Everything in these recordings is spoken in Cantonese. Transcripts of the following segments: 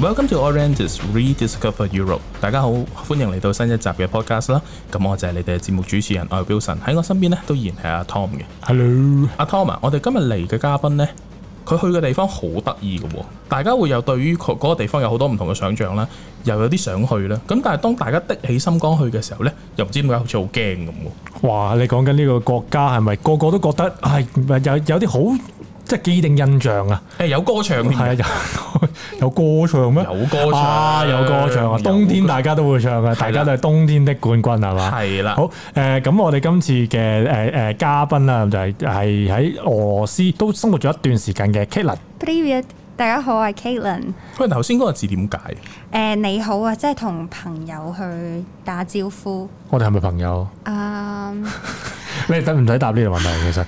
Well，今次 Orientus Rediscover Europe，大家好，歡迎嚟到新一集嘅 podcast 啦。咁我就係你哋嘅節目主持人，我係 Billson。喺我身邊咧，都依然係阿 Tom 嘅。Hello，阿 Tom 啊，我哋今日嚟嘅嘉賓咧，佢去嘅地方好得意嘅喎。大家會有對於嗰個地方有好多唔同嘅想象啦，又有啲想去啦。咁但係當大家的起心肝去嘅時候咧，又唔知點解好似好驚咁。哇，你講緊呢個國家係咪個個都覺得係係、哎、有有啲好？即係既定印象啊！誒、欸、有歌唱係啊，有歌唱咩？有歌唱啊，有歌唱啊！冬天大家都會唱嘅，大家都係冬天的冠軍係嘛？係啦的，吧好誒，咁、呃、我哋今次嘅誒誒嘉賓啦，就係係喺俄羅斯都生活咗一段時間嘅 Kaitlyn。大家好，我係 Kaitlyn。喂，頭先嗰個字點解？誒、呃，你好啊！即係同朋友去打招呼。我哋係咪朋友？嗯，um, 你使唔使答呢個問題？其實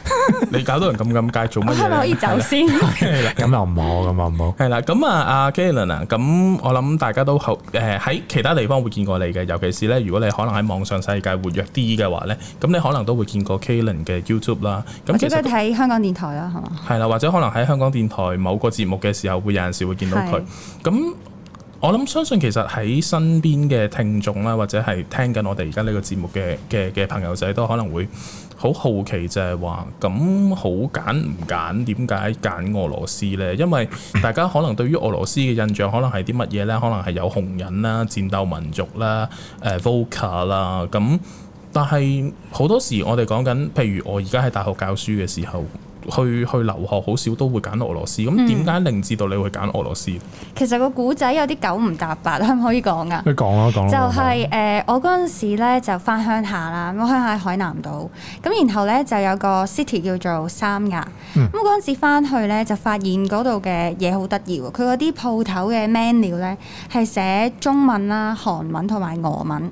你搞到人咁尷尬，做乜嘢？可唔 可以走先？咁 又唔好，咁又唔好。係啦， 咁、 嗯嗯、啊，阿 Kalen 啊，咁我諗大家都好誒，喺、呃嗯、其他地方會見過你嘅，尤其是咧，如果你可能喺網上世界活躍啲嘅話咧，咁你可能都會見過 Kalen 嘅 YouTube 啦、啊。或者都睇香港電台咯，係嘛？係啦，或 者可能喺香港電台某個節目嘅時候，會有陣時會見到佢。咁、 嗯嗯嗯我諗相信其實喺身邊嘅聽眾啦，或者係聽緊我哋而家呢個節目嘅嘅嘅朋友仔，都可能會好好奇就係話，咁好揀唔揀？點解揀俄羅斯呢？因為大家可能對於俄羅斯嘅印象，可能係啲乜嘢呢？可能係有紅人啦、戰鬥民族啦、呃、Vodka 啦、誒 Vodka 啦。咁但係好多時我哋講緊，譬如我而家喺大學教書嘅時候。去去留學好少都會揀俄羅斯，咁點解令至到你會揀俄羅斯？其實個古仔有啲九唔搭八，可唔可以講啊？佢講一講就係、是、誒、呃，我嗰陣時咧就翻鄉下啦。咁鄉下喺海南島，咁然後咧就有個 city 叫做三亞。咁嗰陣時翻去咧就發現嗰度嘅嘢好得意喎，佢嗰啲鋪頭嘅 menu 咧係寫中文啦、韓文同埋俄文。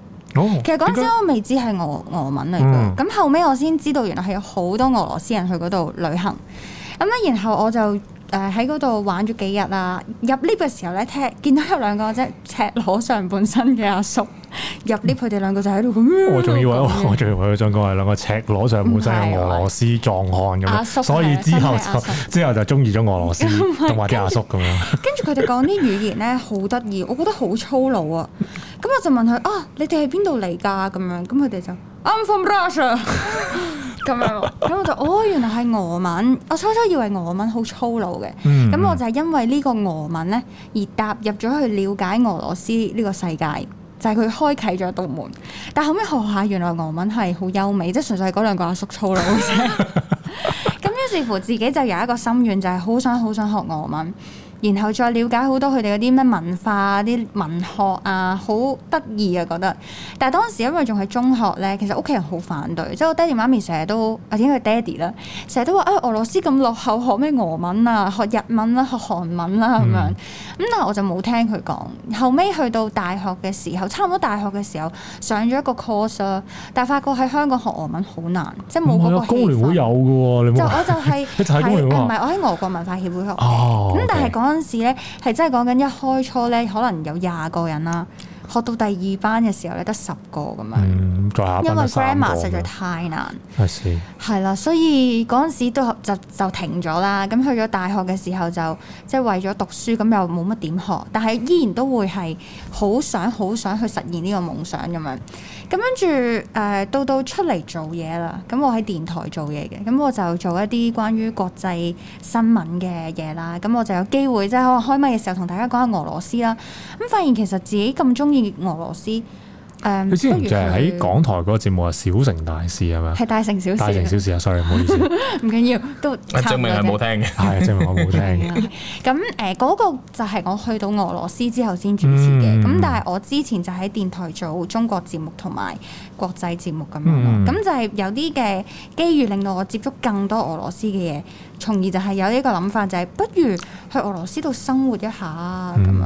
其實嗰陣時我未知係俄俄文嚟嘅，咁、嗯、後尾我先知道原來係有好多俄羅斯人去嗰度旅行，咁咧然後我就。誒喺嗰度玩咗幾日啦，入 lift 嘅時候咧聽見到有兩個啫赤裸上半身嘅阿叔入 lift，佢哋兩個就喺度。我仲以為，我仲以為佢想講係兩個赤裸上半身嘅俄羅斯壯漢咁，所以之後就之後就中意咗俄羅斯同埋啲阿叔咁樣 跟住佢哋講啲語言咧好得意，我覺得好粗魯啊！咁我就問佢：啊，你哋係邊度嚟㗎？咁樣咁佢哋就，I'm from Russia 咁樣，咁我就哦，原來係俄文，我初初以為俄文好粗魯嘅，咁我就係因為呢個俄文咧而踏入咗去了解俄羅斯呢個世界，就係、是、佢開啟咗道門。但後尾學下，原來俄文係好優美，即係純粹係嗰兩個阿叔，叔粗魯。咁 於是乎，自己就有一個心願，就係、是、好想好想學俄文。然後再了解好多佢哋嗰啲咩文化，啲文學啊，好得意啊，覺得啊。但係當時因為仲係中學咧，其實屋企人好反對，即係我爹哋媽咪成日都啊，應該係爹哋啦，成日都話啊、哎、俄羅斯咁落後，學咩俄文啊、學日文啦、啊、學韓文啦、啊、咁樣。咁、嗯、但係我就冇聽佢講。後尾去到大學嘅時候，差唔多大學嘅時候上咗一個 course 但係發覺喺香港學俄文好難，即係冇嗰個。工聯會有嘅喎、啊，就我就係、係，係唔係我喺俄國文化協會學？哦，咁但係講。嗰陣時咧，係真係講緊一開初咧，可能有廿個人啦。學到第二班嘅時候咧，得十個咁樣。嗯、因為 grammar 實在太難。係、啊。係啦，所以嗰陣時都就就停咗啦。咁去咗大學嘅時候就，就即、是、係為咗讀書，咁又冇乜點學。但係依然都會係好想好想去實現呢個夢想咁樣。咁跟住誒到到出嚟做嘢啦，咁我喺電台做嘢嘅，咁我就做一啲關於國際新聞嘅嘢啦，咁我就有機會即係開開咪嘅時候同大家講下俄羅斯啦，咁發現其實自己咁中意俄羅斯。佢之前就係喺港台嗰個節目話小城大事係咪啊？係大城小，大城小事啊！sorry，唔好意思，唔緊要，都，證明係冇聽嘅，係證明我冇聽嘅。咁誒嗰個就係我去到俄羅斯之後先主持嘅，咁、嗯、但係我之前就喺電台做中國節目同埋國際節目咁樣咯，咁、嗯、就係有啲嘅機遇令到我接觸更多俄羅斯嘅嘢。從而就係有呢個諗法，就係、是、不如去俄羅斯度生活一下咁、嗯、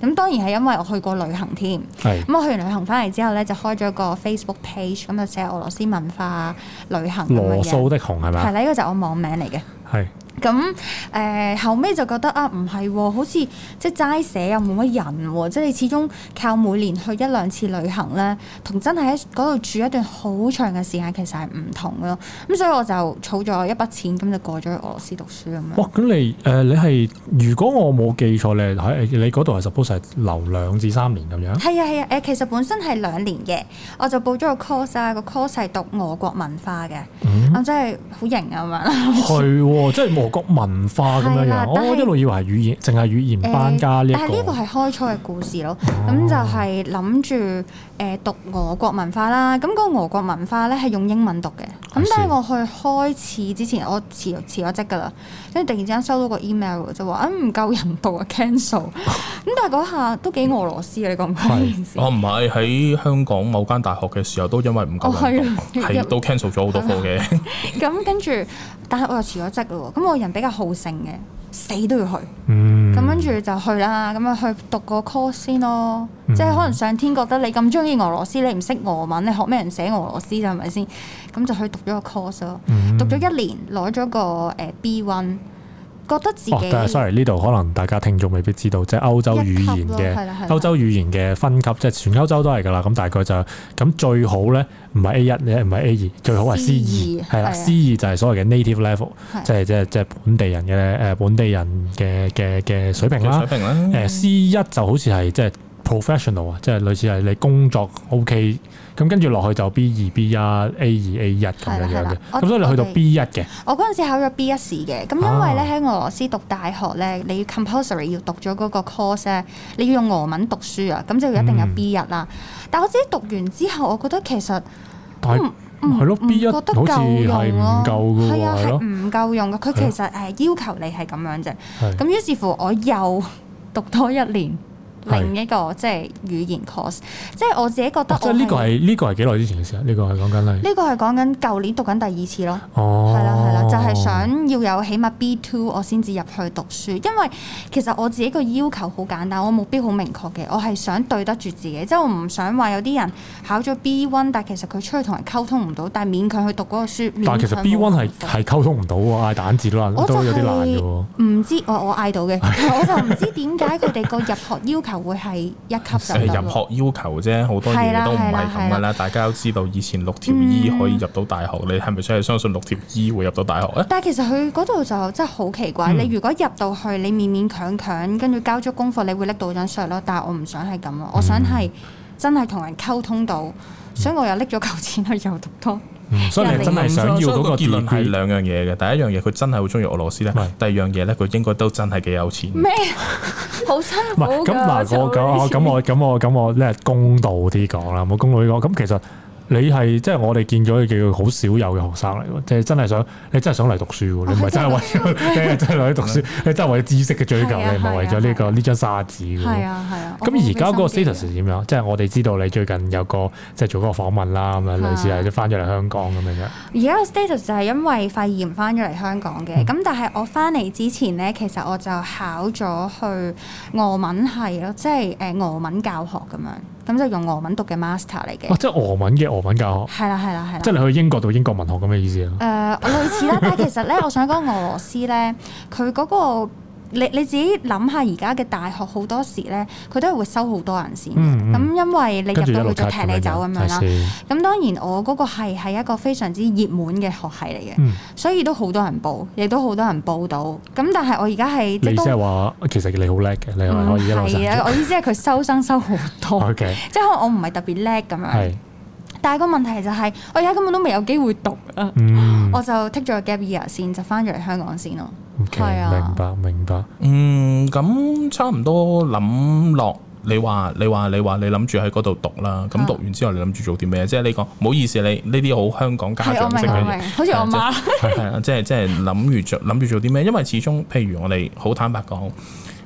樣。咁當然係因為我去過旅行添。咁是我去完旅行翻嚟之後咧，就開咗個 Facebook page，咁就寫俄羅斯文化、旅行咁樣嘅。羅素的熊係咪啊？係咧，呢個就我網名嚟嘅。係。咁誒後尾就覺得啊唔係喎，好似即係齋寫又冇乜人喎、哦，即係你始終靠每年去一兩次旅行咧，同真係喺嗰度住一段好長嘅時間其實係唔同咯。咁所以我就儲咗一筆錢，咁就過咗去俄羅斯讀書咁樣。哇、哦！咁你誒你係如果我冇記錯，你喺你嗰度係 suppose 係留兩至三年咁樣。係啊係啊誒，其實本身係兩年嘅，我就報咗個 course 啊，個 course 係讀俄國文化嘅，我、嗯啊、真係好型啊咁樣。係 喎、啊，即、就、係、是 國文化咁樣樣，我一路以為係語言，淨係語言班加呢，但係呢個係開初嘅故事咯，咁就係諗住誒讀俄國文化啦。咁嗰個俄國文化咧係用英文讀嘅。咁但係我去開始之前，我辭辭咗職㗎啦。跟住突然之間收到個 email 就話：唔夠人讀啊，cancel。咁但係嗰下都幾俄羅斯嘅，你講緊呢件事。我唔係喺香港某間大學嘅時候都因為唔夠人讀，係都 cancel 咗好多課嘅。咁跟住。但係我又辭咗職咯，咁我人比較好勝嘅，死都要去。咁、嗯、跟住就去啦，咁啊去讀個 course 先咯，嗯、即係可能上天覺得你咁中意俄羅斯，你唔識俄文，你學咩人寫俄羅斯就係咪先？咁就去讀咗個 course 咯，嗯、讀咗一年，攞咗個誒 B1。覺得自己、哦、但係 sorry，呢度可能大家聽眾未必知道，即係歐洲語言嘅歐洲語言嘅分級，即係全歐洲都係噶啦。咁大概就咁最好咧，唔係 A 一咧，唔係 A 二，C 2 最好係 C 二，係啦對的，C 二就係所謂嘅 native level，即係即係即係本地人嘅誒本地人嘅嘅嘅水平啦。誒、嗯、C 一就好似係即係 professional 啊，即係類似係你工作 OK。咁跟住落去就 B 二 B 一 A 二 A 一咁樣樣嘅，咁了所以你去到 B 一嘅。我嗰陣時考咗 B 一試嘅，咁、啊、因為咧喺俄羅斯讀大學咧，你要 compulsory 要讀咗嗰個 course，你要用俄文讀書啊，咁就一定有 B 一啦。嗯、但係我自己讀完之後，我覺得其實，但係唔係咯？B 一好似係唔夠嘅係啊，係唔夠，夠用嘅。佢其實係要求你係咁樣啫。咁了於是乎，我又讀多一年。另一個是即係語言 course，即係我自己覺得、哦。即係呢個係呢、呢個係幾耐之前嘅事啊？呢、呢個係講緊呢？呢個係講緊舊年讀緊第二次咯。哦，係啦係啦，就係、係、想要有起碼 B two 我先至入去讀書，因為其實我自己個要求好簡單，我目標好明確嘅，我係想對得住自己，即、就、係、係、我唔想話有啲人考咗 B one 但其實佢出去同人溝通唔到，但係勉強去讀嗰個書。但其實 B one 係係溝通唔、啊就係、到喎，嗌單字都難，都有啲難喎。唔知我我嗌到嘅，我就唔知點解佢哋個入學要求。 就會係一級上係入學要求啫，好多嘢都唔係咁噶啦。大家都知道以前六條衣、e、可以入到大學，嗯、你係咪真係相信六條衣、e、會入到大學咧？但係其實佢嗰度就真係好奇怪。嗯、你如果入到去，你勉勉強強跟住交咗功課，你會拎到張削咯。但係我唔想係咁，我想係真係同人溝通到，嗯、所以我又拎咗嚿錢去又讀多。嗯、所以你真係想要嗰個，個結論係兩樣嘢嘅，第一樣嘢佢真係好鍾意俄羅斯咧，是第二樣嘢咧，佢應該都真係幾有錢。咩麼？好真唔係咁嗱，我咁我咁我咁我呢，我我公道啲講啦，冇公道啲講咁其實。你係即係我哋見咗嘅好少有嘅學生嚟喎，即、就、係、是、真係想你真係想嚟讀書喎，你唔係真係為咗你真係嚟讀書，你真係為， 真為知識嘅追求，你唔係為咗呢個呢張沙紙嘅。係啊係啊。咁而家個 status 點樣？即係、啊啊、我哋、就是、知道你最近有個即係、就是、做嗰個訪問啦，咁樣類似係翻咗嚟香港咁樣。而家、啊、個 status 就係因為肺炎翻咗嚟香港嘅，咁、嗯、但係我翻嚟之前咧，其實我就考咗去俄文系咯，即係誒俄文教學咁樣，咁就用俄文讀嘅 master 嚟嘅、啊。即係俄文嘅。俄文教學係啦，係啦，係啦。即係你去英國讀英國文學咁嘅意思啊？誒，類似啦，但係其實咧，我想講俄羅斯咧，佢嗰個你你自己諗下，而家嘅大學好多時咧，佢都係會收好多人先嘅。咁因為你入到去就踢你走咁樣啦。咁當然我嗰個系係一個非常之熱門嘅學系嚟嘅，所以都好多人報，亦都好多人報到。咁但係我而家係，你就係話其實你好叻嘅，你可以。我意思係佢收生收好多。O K，即係我唔係特別叻咁樣。但係個問題就係，我而家根本都未有機會讀啊！我就 take 咗 gap year 先，就翻咗嚟香港先咯。OK，明白明白。嗯，咁差唔多諗落。你話你話你話你諗住喺嗰度讀啦。咁讀完之後你諗住做啲咩？即係你講唔好意思，你呢啲好香港家長嘅好似我媽。係啊，即係即係諗住做諗住做啲咩？因為始終，譬如我哋好坦白講。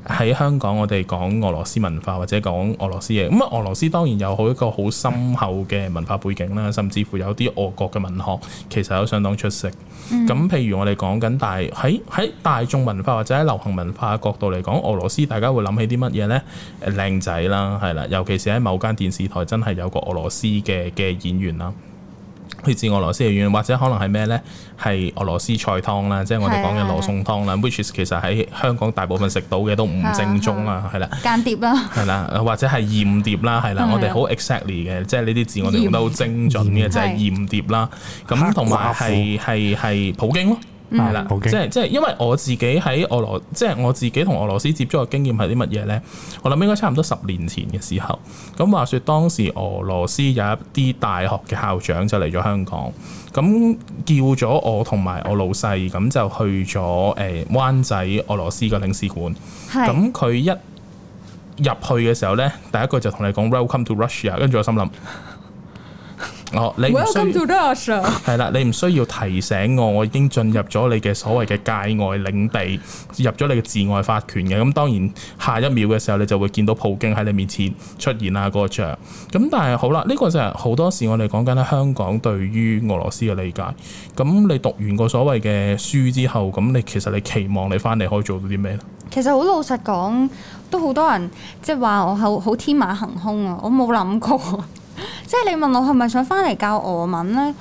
喺香港，我哋講俄羅斯文化或者講俄羅斯嘢，咁啊俄羅斯當然有好一個好深厚嘅文化背景啦，甚至乎有啲俄國嘅文學其實都相當出色。咁、嗯、譬如我哋講緊，但係喺喺大眾文化或者喺流行文化嘅角度嚟講，俄羅斯大家會諗起啲乜嘢呢？誒靚仔啦，係啦，尤其是喺某間電視台真係有個俄羅斯嘅嘅演員啦。來自俄羅斯嘅遠，或者可能係咩呢？係俄羅斯菜湯啦，即係我哋講嘅羅宋湯啦，which is 的其實喺香港大部分食到嘅都唔正宗啦，係啦的。的間諜啦、啊。係啦，或者係鹽碟啦，係啦。的我哋好 exactly 嘅，即係呢啲字我哋用得好精準嘅，鹽就係鹽碟啦。咁同埋係係係普京咯。係啦，嗯、即係即係，因為我自己喺俄羅，即、就、係、是、我自己同俄羅斯接觸嘅經驗係啲乜嘢呢？我諗應該差唔多十年前嘅時候，咁話說當時俄羅斯有一啲大學嘅校長就嚟咗香港，咁叫咗我同埋我老細，咁就去咗誒灣仔俄羅斯嘅領事館。咁佢是一入去嘅時候呢，第一個就同你講 Welcome to Russia，跟住我心諗。哦，你唔需係 啦，你唔需要提醒我，我已經進入咗你嘅所謂嘅界外領地，入咗你嘅治外法權嘅。咁當然下一秒嘅時候，你就會見到普京喺你面前出現啦，個像。咁但係好啦，呢個就係好多時我哋講緊咧香港對於俄羅斯嘅理解。咁你讀完個所謂嘅書之後，咁你其實你期望你翻嚟可以做到啲咩咧？其實好老實講，都好多人即係話我好好天馬行空啊，我冇諗過。 即係你問我係咪想翻嚟教俄文呢？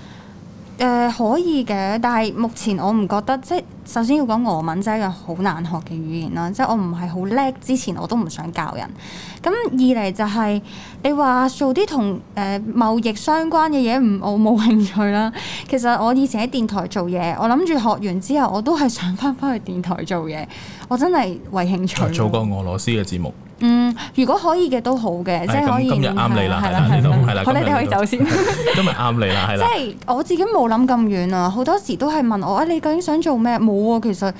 誒、呃，可以嘅，但係目前我唔覺得，即係首先要講俄文，真、就、係、是、一個好難學嘅語言啦。即係我唔係好叻，之前我都唔想教人。咁二嚟就係、是、你話做啲同誒貿易相關嘅嘢，唔，我冇興趣啦。其實我以前喺電台做嘢，我諗住學完之後我都係想翻翻去電台做嘢。我真係為興趣。啊，做過俄羅斯嘅節目。嗯，如果可以嘅都好嘅，嗯、即係可以今日啱你啦，係啦，係啦，好，啦你哋可以走先 今。今日啱你啦，係啦。即係我自己冇諗咁遠啊，好多時都係問我啊，你究竟想做咩？冇喎、啊，其實。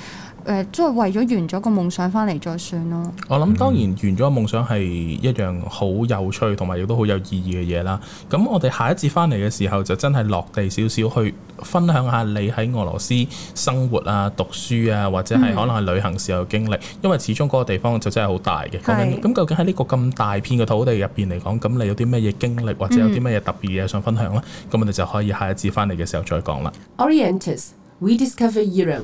誒，即係為咗完咗個夢想翻嚟再算咯。我諗當然完咗個夢想係一樣好有趣同埋亦都好有意義嘅嘢啦。咁我哋下一節翻嚟嘅時候就真係落地少少去分享下你喺俄羅斯生活啊、讀書啊，或者係可能係旅行時候經歷。嗯、因為始終嗰個地方就真係好大嘅。咁是究竟喺呢個咁大片嘅土地入邊嚟講，咁你有啲咩嘢經歷，或者有啲咩嘢特別嘢想分享呢？咁、嗯、我哋就可以下一節翻嚟嘅時候再講啦。Orientus, we discover Europe.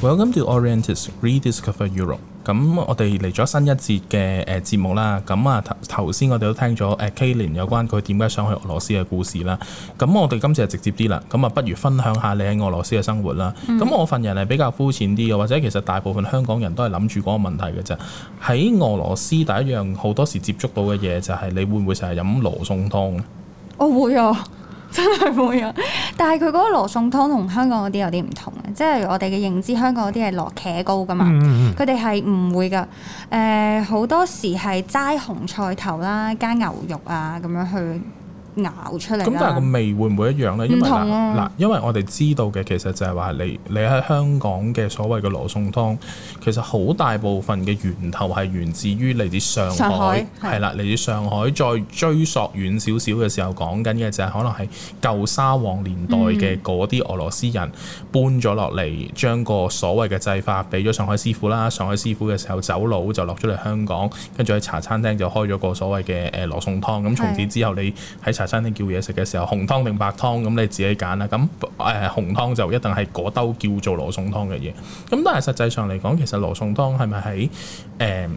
w 好咁，叫 o to r i is, e n t e d Rediscover Europe、嗯。咁我哋嚟咗新一節嘅誒節目啦。咁啊頭頭先我哋都聽咗誒 K 連有關佢點解想去俄羅斯嘅故事啦。咁我哋今次就直接啲啦。咁啊，不如分享下你喺俄羅斯嘅生活啦。咁、嗯、我份人係比較膚淺啲嘅，或者其實大部分香港人都係諗住嗰個問題嘅咋。喺俄羅斯第一樣好多時接觸到嘅嘢就係你會唔會成日飲羅宋湯？我會啊。真係會啊！ 但係佢嗰個羅宋湯同香港嗰啲有啲唔同嘅，即係我哋嘅認知，香港嗰啲係落茄膏㗎嘛，佢哋係唔會㗎，誒、呃、好多時係齋紅菜頭啦，加牛肉啊咁樣去熬出嚟咁，但係個味會唔會一樣咧？因為嗱，因為，、啊、因為我哋知道嘅其實就係話，你你喺香港嘅所謂嘅羅宋湯，其實好大部分嘅源頭係源自於嚟自上海，係啦，嚟自上海，再追溯遠少少嘅時候，講緊嘅就係、是、可能係舊沙皇年代嘅嗰啲俄羅斯人搬咗落嚟，將個所謂嘅製法俾咗上海師傅啦，上海師傅嘅時候走佬就落咗嚟香港，跟住喺茶餐廳就開咗個所謂嘅誒羅宋湯，咁是從此之後你喺茶。餐廳叫嘢食嘅時候，紅湯定白湯，咁你自己揀啦。咁誒、呃、紅湯就一定係嗰兜叫做羅宋湯嘅嘢。咁但係實際上嚟講，其實羅宋湯係咪喺誒？呃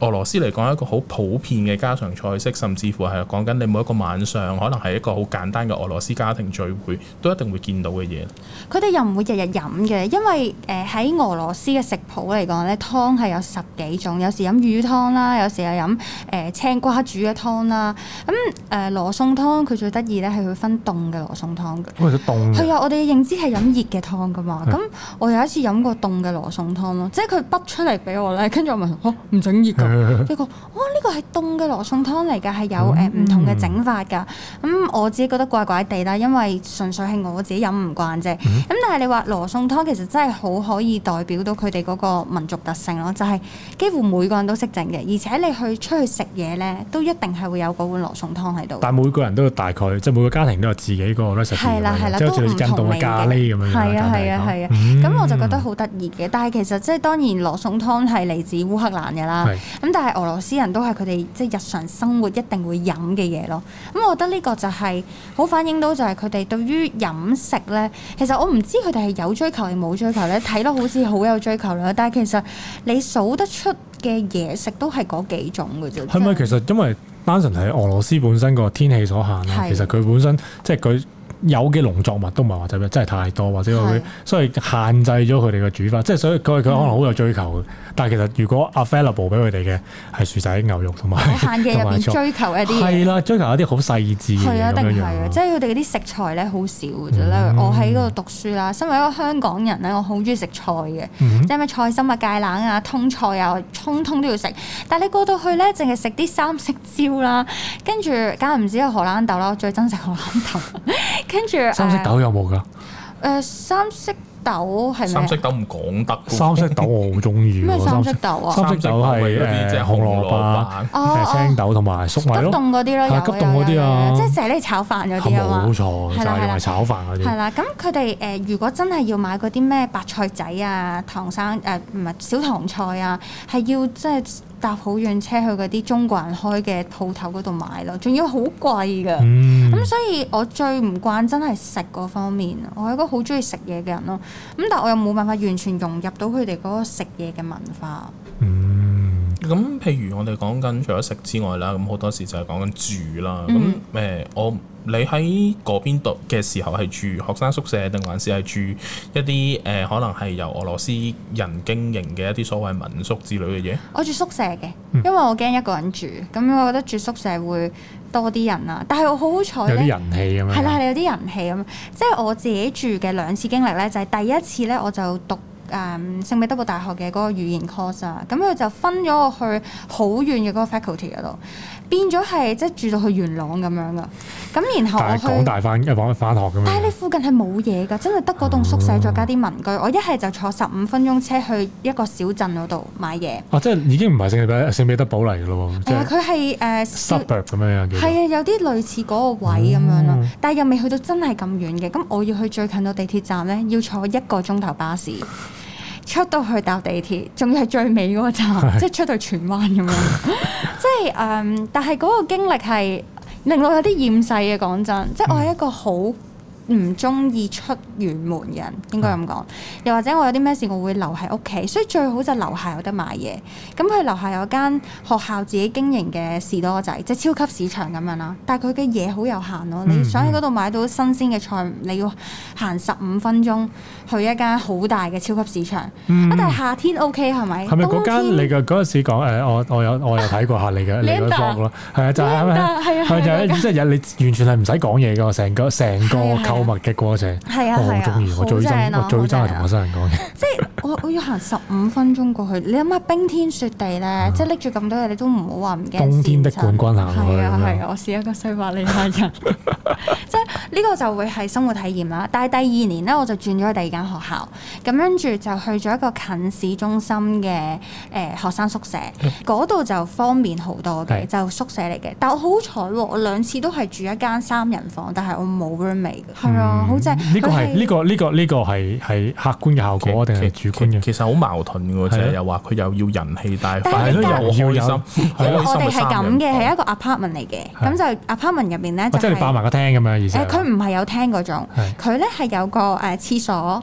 俄羅斯嚟講一個好普遍嘅家常菜式，甚至乎係講緊你每一個晚上可能係一個好簡單嘅俄羅斯家庭聚會都一定會見到嘅嘢。佢哋又唔會日日飲嘅，因為誒喺、呃、俄羅斯嘅食譜嚟講咧，湯係有十幾種，有時飲魚湯啦，有時又飲誒、呃、青瓜煮嘅湯啦。咁誒、呃、羅宋湯佢最得意咧係佢分凍嘅羅宋湯嘅。為咗、喔、凍。係啊，我哋嘅認知係飲熱嘅湯㗎嘛。咁、嗯、我有一次飲過凍嘅羅宋湯咯，即係佢畢出嚟俾我咧，跟住我問嚇唔整熱呢個，哇！呢個係凍嘅羅宋湯嚟㗎，係有誒唔同嘅整法㗎。咁我自己覺得怪怪地啦，因為純粹係我自己飲唔慣啫。咁但係你話羅宋湯其實真係好可以代表到佢哋嗰個民族特性咯，就係幾乎每個人都識整嘅，而且你去出去食嘢咧，都一定係會有嗰碗羅宋湯喺度。但每個人都大概，即係每個家庭都有自己個 recipe，之後再嚟加啲咖喱咁樣，係啊係啊係啊。咁我就覺得好得意嘅。但係其實即係當然羅宋湯係嚟自烏克蘭㗎啦。咁但係俄羅斯人都係佢哋即係日常生活一定會飲嘅嘢咯。咁、嗯、我覺得呢個就係、是、好反映到就係佢哋對於飲食咧，其實我唔知佢哋係有追求定冇追求咧。睇落好似好有追求啦，但係其實你數得出嘅嘢食都係嗰幾種嘅啫。係咪其實因為單純係俄羅斯本身個天氣所限啦？是其實佢本身即係佢。有嘅農作物都唔係話就咩，真係太多，或者會是所以限制咗佢哋嘅煮法。即係所以佢佢可能好有追求、嗯、但係其實如果 available 俾佢哋嘅係薯仔、牛肉同埋喺限制入面有有追求一啲係啦，追求一啲好細緻係啊，一定係啊，即係佢哋嗰啲食材咧好少。咁、嗯、我喺嗰度讀書啦，身為一個香港人咧，我好中意食菜嘅，嗯、即係咩菜心啊、芥蘭啊、通菜啊，通通都要食。但係你過到去咧，淨係食啲三色椒啦，跟住間唔中有荷蘭豆啦，我最憎食荷蘭豆。 住，三色豆有冇㗎？誒三色豆係咩？三色豆唔講得。三色豆我好鍾意。咩三色豆啊？ 三色豆係誒、嗯、紅蘿蔔、哦青豆同埋粟米咯。哦、急凍嗰啲咯，有啊有，有，有，有，有啊，即係成日炒飯嗰啲啊，冇錯，係啦係啦，炒飯嗰啲。係啦，咁佢哋誒，如果真係要買嗰啲咩白菜仔糖啊、唐生誒唔係小棠菜啊，係要，要即係。搭好遠車去嗰啲中國人開嘅鋪頭嗰度買咯，仲要好貴㗎。咁、嗯嗯、所以我最唔慣真係食嗰方面，我係一個好鍾意食嘢嘅人咯。咁、嗯、但係我又冇辦法完全融入到佢哋嗰個食嘢嘅文化。嗯咁，譬如我哋講緊除咗食之外啦，咁好多時就係講緊住啦。咁誒、嗯，我你喺嗰邊讀嘅時候係住學生宿舍定還是係住一啲誒、呃，可能係由俄羅斯人經營嘅一啲所謂民宿之類嘅嘢？我住宿舍嘅，嗯、因為我驚一個人住，咁我覺得住宿舍會多啲人啦。但係我好好彩，有啲人氣咁樣，係啦係有啲人氣咁，即係我自己住嘅兩次經歷咧，就係、是、第一次咧我就讀。誒、嗯、聖彼得堡大學嘅嗰個語言 course 啊，咁佢就分咗我去好遠嘅嗰個 faculty 嗰度。變咗係即係住到去元朗咁樣噶，咁然後我去港大翻一講翻，翻學噶嘛。但係你附近係冇嘢噶，真係得嗰棟宿舍再、嗯、加啲民居。我一係就坐十五分鐘車去一個小鎮嗰度買嘢。哦、啊，即係已經唔係聖彼聖彼得堡嚟噶咯喎。啊、嗯，佢係誒、suburb 咁樣。係啊、嗯，有啲類似嗰個位咁樣咯，但係又未去到真係咁遠嘅。咁我要去最近嘅地鐵站咧，要坐一個鐘頭巴士。出到去搭地鐵，仲要係最尾嗰個站，是即係出到荃灣咁樣。 即係誒，um, 但係嗰個經歷係令我有啲厭世嘅。講真，即係我係一個好唔中意出遠門嘅人，應該咁講。是又或者我有啲咩事，我會留喺屋企，所以最好就樓下有得買嘢。咁佢樓下有間學校自己經營嘅士多仔，即係超級市場咁樣啦。但係佢嘅嘢好有限咯、喔。嗯、你想喺嗰度買到新鮮嘅菜，你要行十五分鐘。去一間好大嘅超級市場，但係夏天 OK 係咪？係咪嗰間你嘅嗰陣時講我我有我有睇過下你嘅你嘅講咯，係啊！就係咩？係啊！係係即係有你完全係唔使講嘢嘅，成個成個購物嘅過程。係啊！好鍾意，我最憎，我最憎係同陌生人講。即係我我要行十五分鐘過去，你諗下冰天雪地咧，即係拎住咁多嘢，你都唔好話唔驚。冬天的冠軍行去啊！係我係一個西伯利亞人。即係呢個就會係生活體驗啦。但係第二年咧，我就轉咗去第二間學校咁，跟住就去咗一個近市中心嘅誒學生宿舍，嗰度就方便好多嘅，就宿舍嚟嘅。但我好彩喎，我兩次都係住一間三人房，但係我冇 roommate 嘅。係啊，好正。呢個係呢個呢個呢個係係客觀嘅效果，定係主觀嘅？其實好矛盾嘅，就係又話佢又要人氣大，但係佢又開心。我哋係咁嘅，係一個 apartment 嚟嘅。咁就 apartment 入邊咧，即係你包埋個廳咁樣意思。誒，佢唔係有廳嗰種，佢咧係有個誒廁所。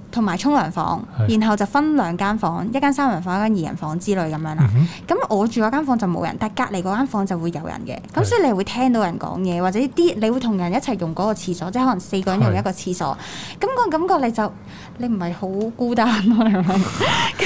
同埋沖涼房，然後就分兩間房，一間三人房，一間二人房之類咁樣啦。咁我住嗰間房就冇人，但隔離嗰間房就會有人嘅。咁所以你會聽到人講嘢，或者啲你會同人一齊用嗰個廁所，即係可能四個人用一個廁所。咁個感覺你就你唔係好孤單咯，咁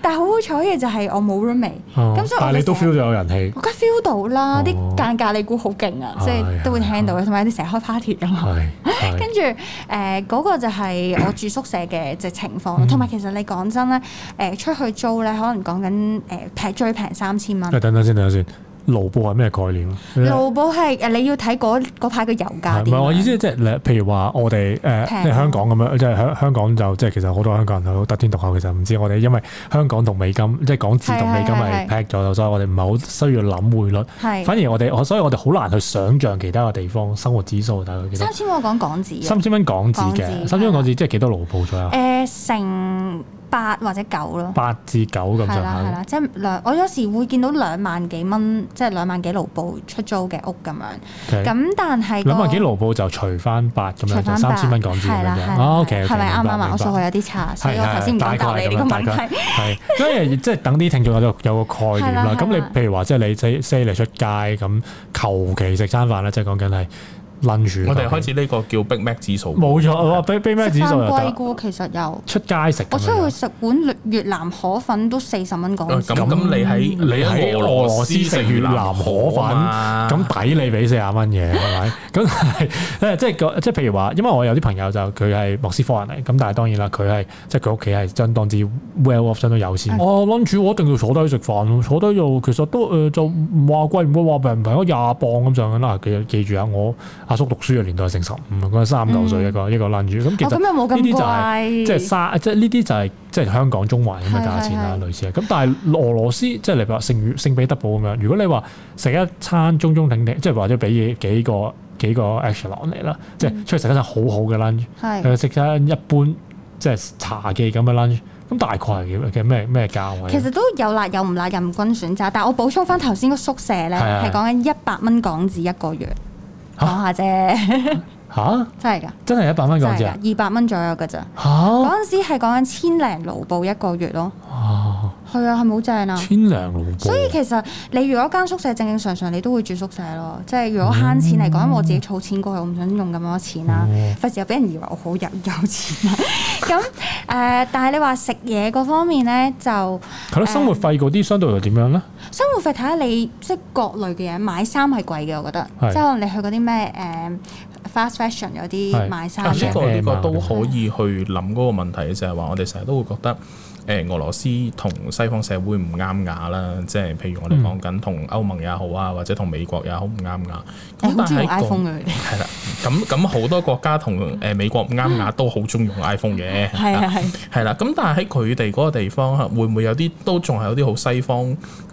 但係好好彩嘅就係我冇 roommate。咁所以但係你都 feel 到有人氣，我覺得 feel 到啦。啲間隔你估好勁啊，即係都會聽到，同埋你成日開 party 咁。係，跟住誒嗰個就係我住宿舍嘅。誒情況，同埋、嗯、其實你講真咧，誒出去租咧，可能講緊誒平最平三千蚊，嗯。等等先，等等先。盧布係咩概念？盧布係誒你要睇嗰排嘅油價。唔係我意思即係，譬如話我哋誒，即、呃、係香港咁樣，即係香香港就即係其實好多香港人都好得天獨厚。其實唔知我哋因為香港同美金，即係港紙同美金係 peg 咗所以我哋唔係好需要諗匯率。係係反而我哋所以我哋好難去想像其他嘅地方生活指數大概幾多三。三千蚊港港紙，港三千蚊港紙嘅，三千蚊港紙即係幾多盧布左右？誒、呃，成。八或者九咯，八至九咁就係啦係啦，即係兩，我有時會見到兩萬幾蚊，即係兩萬幾盧布出租嘅屋咁樣。咁但係兩萬幾盧布就除翻八咁樣，三千蚊港紙咁樣。係啦係啦，係咪啱啱啊？我數學有啲差，所以我頭先唔答你呢個問題。係，因為即係等啲聽眾有個有個概念啦。咁你譬如話，即係你 say 嚟出街咁，求其食餐飯咧，即係講緊係。我哋開始呢個叫 Big Mac 指數。冇錯，我話 Big Mac 指數。食飯貴其實又。出街食。我出去食碗越南河粉都四十蚊港紙。咁你喺你喺俄羅斯食越南河粉，咁抵你俾四十蚊嘢係咪？咁即係即係譬如話，因為我有啲朋友就佢係莫斯科人嚟，咁但係當然啦，佢係即係佢屋企係相當之 well off，相當有錢。我諗住，我一定要坐低去食飯，坐低就其實都誒，就唔話貴，唔會話平，俾人朋友廿磅咁上啦。記記住啊，我。阿叔讀書嘅年代係剩十五，三嚿水一個一個 lunch。咁啊，咁又冇咁貴。呢啲就係即係即係呢啲就係即係香港中環咁嘅價錢啦，是是是類似咁但係俄羅斯即係你話聖聖彼得堡咁樣。如果你話食一餐中中頂頂，即係或者俾幾幾個幾個 extra 嚟啦，即係、嗯、出去食一餐好好嘅 lunch，去食餐一般即係、就是、茶記咁嘅 lunch，咁大概係嘅咩咩價位？其實都有辣有唔辣，任君選擇。但係我補充翻頭先個宿舍咧，係講緊一百蚊港紙一個月。講下啫哈，嚇， 真係㗎，真係一百蚊咁啫，二百蚊左右㗎咋？嚇哈，嗰陣時係講緊千零盧布一個月咯。係啊，係咪好正啊？千零蚊。所以其實你如果間宿舍正正常常，你都會住宿舍咯。即係如果慳錢嚟講，嗯、因為我自己儲錢過去，我唔想用咁多錢啦。費事又俾人以為我好有有錢啊。咁 誒、 嗯，但係你話食嘢嗰方面咧，就係咯、嗯、生活費嗰啲相對又點樣咧？生活費睇下你即係各類嘅嘢，買衫係貴嘅，我覺得。即係可能是你去嗰啲咩誒 fast fashion 嗰啲買衫是。呢、啊呢個呢個都可以去諗嗰個問題，就係話我哋成日都會覺得。誒俄羅斯同西方社會唔啱牙啦，即係譬如我哋講緊同歐盟也好啊，或者同美國也好唔啱牙。我好中意用 iPhone 嘅。係啦、欸，咁咁好多國家同誒美國唔啱牙都好中意用 iPhone 嘅。係啊係。係啦、嗯，咁但係喺佢哋嗰個地方，嗯、會唔會有啲都仲係有啲好西方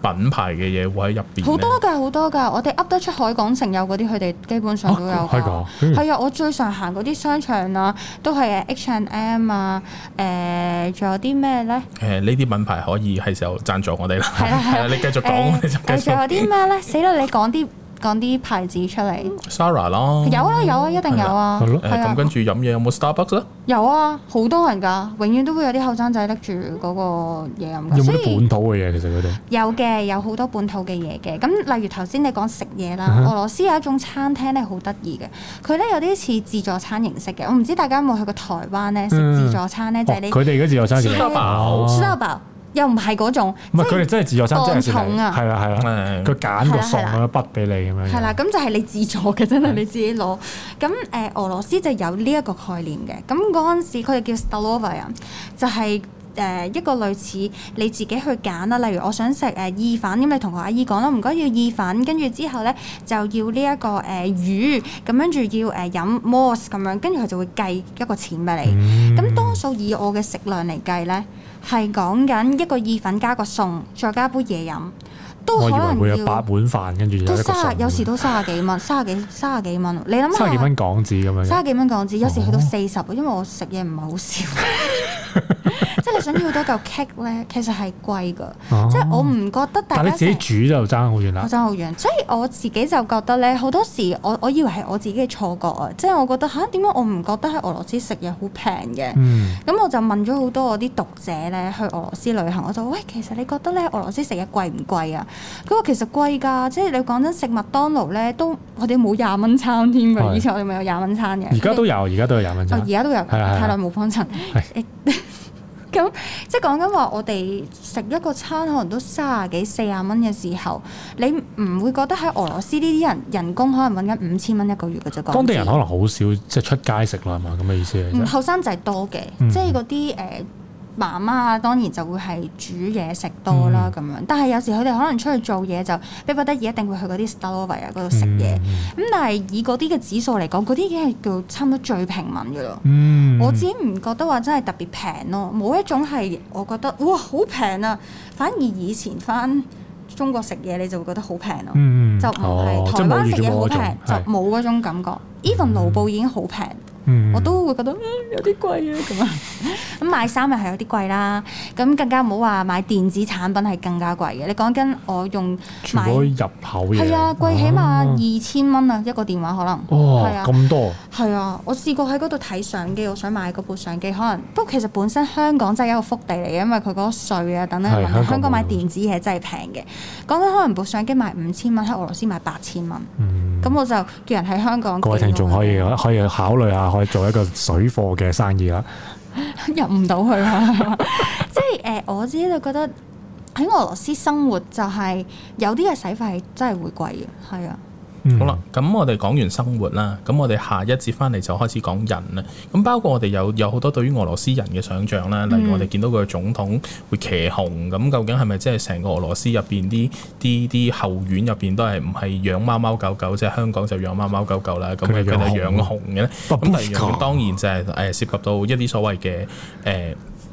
品牌嘅嘢會喺入邊？好多㗎好多㗎，我哋噏得出海港城有嗰啲，佢哋基本上都有㗎。係啊、嗯，我最常行嗰啲商場啊，都係 H and M 啊，誒，仲有啲咩咧？誒，呢啲品牌可以係時候贊助我哋啦 的，係啦， 你繼續講，你就繼續講。誒，仲有啲咩咧？死啦！你講啲。講啲牌子出嚟，Sarah 啦，有啊，有啊，一定有啊。係咯。咁跟住飲嘢有冇 Starbucks 咧？有啊，好多人㗎，永遠都會有啲後生仔拎住嗰個嘢飲以。有冇本土嘅嘢？其實佢哋有嘅，有好多本土嘅嘢嘅。咁例如頭先你講食嘢啦，嗯、俄羅斯有一種餐廳咧，好得意嘅，佢咧有啲似自助餐形式嘅。我唔知大家有冇去過台灣咧食自助餐咧，就係呢。佢哋嗰自助餐叫，Starbucks、啊。啊啊啊啊又唔係嗰種，唔係佢哋真係自助餐，真係食定，係啦係啦，佢揀個餸啦，筆俾你咁樣。係啦，咁就係你自助嘅，真係的你自己攞。咁誒，俄羅斯就有呢一個概念嘅。咁嗰陣時，佢哋叫 stolovaya 就係誒一個類似你自己去揀啦。例如，我想食誒意粉，咁你同個阿姨講啦，唔該要意粉，跟住之後咧就要呢一個誒魚，咁跟住要誒飲 mors 咁樣，跟住佢就會計一個錢俾你。咁、嗯、多數以我嘅食量嚟計咧。係講緊一個意粉加個餸，再加一杯嘢飲，都可能要有八碗飯，跟住都三十，有時都三十幾蚊，三十幾，三十幾蚊。你諗下？三十幾蚊港紙咁樣？想想三十幾蚊港紙，港哦、有時去到四十，因為我食嘢唔係好少。 即係你想要多嚿 cake 咧，其實係貴噶。即係我唔覺得但係你自己煮就爭好遠啦。我爭好遠，所以我自己就覺得咧，好多時我我以為係我自己嘅錯覺啊。即係我覺得吓，點解我唔覺得喺俄羅斯食嘢好平嘅？咁我就問咗好多我啲讀者咧，去俄羅斯旅行，我就喂，其實你覺得咧，俄羅斯食嘢貴唔貴啊？佢話其實貴噶，即係你講真食麥當勞咧，都我哋冇廿蚊餐添嘅。以前我哋咪有廿蚊餐嘅。而家都有，而家都有廿蚊餐。哦，而家都有。係太耐冇幫襯。咁即係講緊話，我哋食一個餐可能都三啊幾四啊蚊嘅時候，你唔會覺得喺俄羅斯呢啲人人工可能搵緊五千蚊一個月嘅啫。當地人可能好少即係出街食啦，係嘛，咁嘅意思？嗯，後生仔多嘅，即係嗰啲誒。媽媽啊，當然就會係煮嘢食多啦咁樣，嗯、但係有時佢哋可能出去做嘢就迫不得已一定會去嗰啲 Starway 啊嗰度食嘢，咁、嗯、但係以嗰啲嘅指數嚟講，嗰啲已經係叫差唔多最平民嘅咯。嗯、我自己唔覺得話真係特別平咯，冇一種係我覺得哇好平啊，反而以前返中國食嘢你就會覺得好平咯，嗯、就唔係、哦、台灣食嘢好平，就冇嗰種感覺。Even 盧布已經好平。我都會覺得、嗯、有啲貴啊咁啊，咁買衫又係有啲貴啦，咁更加唔好話買電子產品係更加貴嘅。你講緊我用買入口嘢，係啊，貴起碼二千蚊啊一個電話可能，哦、係啊，咁多，係啊，我試過喺嗰度睇相機，我想買嗰部相機，可能不過其實本身香港真係一個福地嚟，因為佢嗰個稅啊等等，香港買電子嘢真係平嘅。講緊可能部相機賣五千蚊，喺俄羅斯賣八千蚊。嗯咁、嗯、我就叫人喺香港。過程仲可以可以考慮下，可以做一個水貨嘅生意啦。入唔到去啊！即係誒，我自己就覺得喺俄羅斯生活就係有啲嘅使費係真係會貴嘅，係啊。嗯、好啦，咁我哋講完生活啦，咁我哋下一節翻嚟就開始講人啦。咁包括我哋有有好多對於俄羅斯人嘅想像啦，例如我哋見到個總統會騎熊，咁究竟係咪即係成個俄羅斯入邊啲啲啲後院入邊都係唔係養貓貓狗狗即係，香港就養貓貓狗狗啦，咁佢哋養熊嘅咧。咁但係當然就係、是、誒、欸、涉及到一啲所謂嘅誒。欸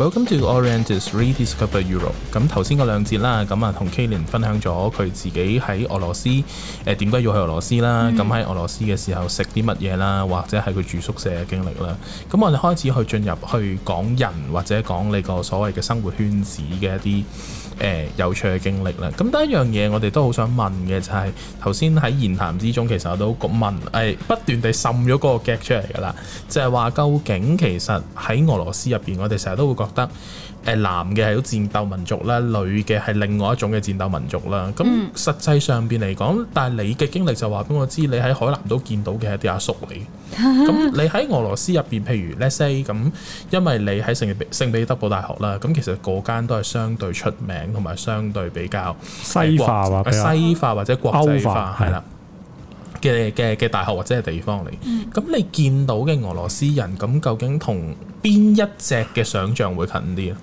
Welcome to the Orient Rediscover Europe。咁頭先個兩節啦，咁啊同 Kailyn 分享咗佢自己喺俄羅斯，誒點解要去俄羅斯啦，咁喺、嗯、俄羅斯嘅時候食啲乜嘢啦，或者係佢住宿舍嘅經歷啦。咁我哋開始去進入去講人，或者講你個所謂嘅生活圈子嘅一啲。誒、呃、有趣嘅經歷啦，咁第一樣嘢我哋都好想問嘅就係頭先喺言談之中，其實我都個問、哎、不斷地滲咗個 gag 出嚟㗎啦，就係、是、話究竟其實喺俄羅斯入邊，我哋成日都會覺得。誒男嘅係啲戰鬥民族啦，女嘅係另外一種嘅戰鬥民族啦。咁實際上邊嚟講，但係你嘅經歷就話俾我知，你喺海南都見到嘅係啲阿叔嚟。咁你喺俄羅斯入邊，譬如 Let’s say 咁，因為你喺聖聖彼得堡大學啦，咁其實嗰間都係相對出名同埋相對比較西化，西化或化西化或者國際化係啦。化嘅嘅嘅大學或者係地方嚟，咁、嗯、你見到嘅俄羅斯人，咁究竟同邊一隻嘅想像會近啲啊？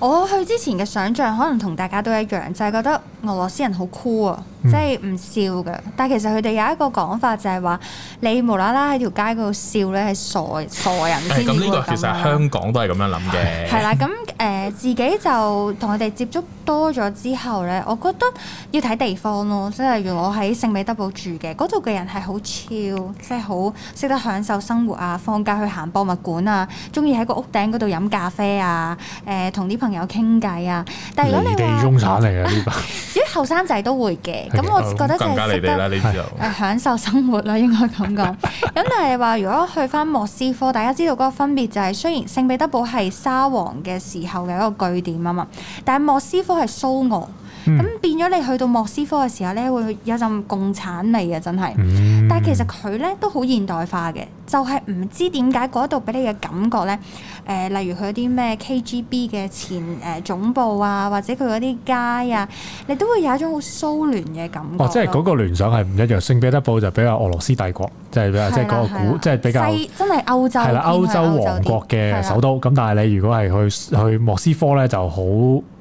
我去之前嘅想像可能同大家都一樣，就係、是、覺得俄羅斯人好酷、cool、啊。即係唔笑嘅，但係其實佢哋有一個講法就係話，你無啦啦喺條街嗰度笑咧係傻傻人先會咁樣。欸、咁呢個其實香港都係咁樣諗嘅。係啦， 咁誒、呃、自己就同佢哋接觸多咗之後咧，我覺得要睇地方咯。即係原來我喺聖彼得堡住嘅嗰度嘅人係好超，即係好識得享受生活啊！放假去行博物館啊，中意喺個屋頂嗰度飲咖啡啊，誒同啲朋友傾偈啊。但如果你話離地中產嚟嘅呢啲後生仔 都會嘅。咁我覺得就係識得享受生活啦，是的 應該咁講。咁但係話如果去翻莫斯科， 大家知道嗰個分別就係，雖然聖彼得堡係沙皇嘅時候嘅一個據點啊嘛，但莫斯科係蘇俄。咁、嗯、變咗你去到莫斯科嘅時候咧，會有一陣共產味啊，真係！嗯、但係其實佢咧都好現代化嘅，就係、是、唔知點解嗰度俾你嘅感覺咧，誒、呃，例如佢啲咩 KGB 嘅前誒總部啊，或者佢嗰啲街啊，你都會有一種好蘇聯嘅感覺。哦，即係嗰個聯想係唔一樣。聖彼得堡就比較俄羅斯帝國，即、就、係、是、比較即係嗰個古，即、就、係、是、比較真係歐洲。係啦，歐洲王國嘅首都。咁的但係你如果係去去莫斯科咧，就好。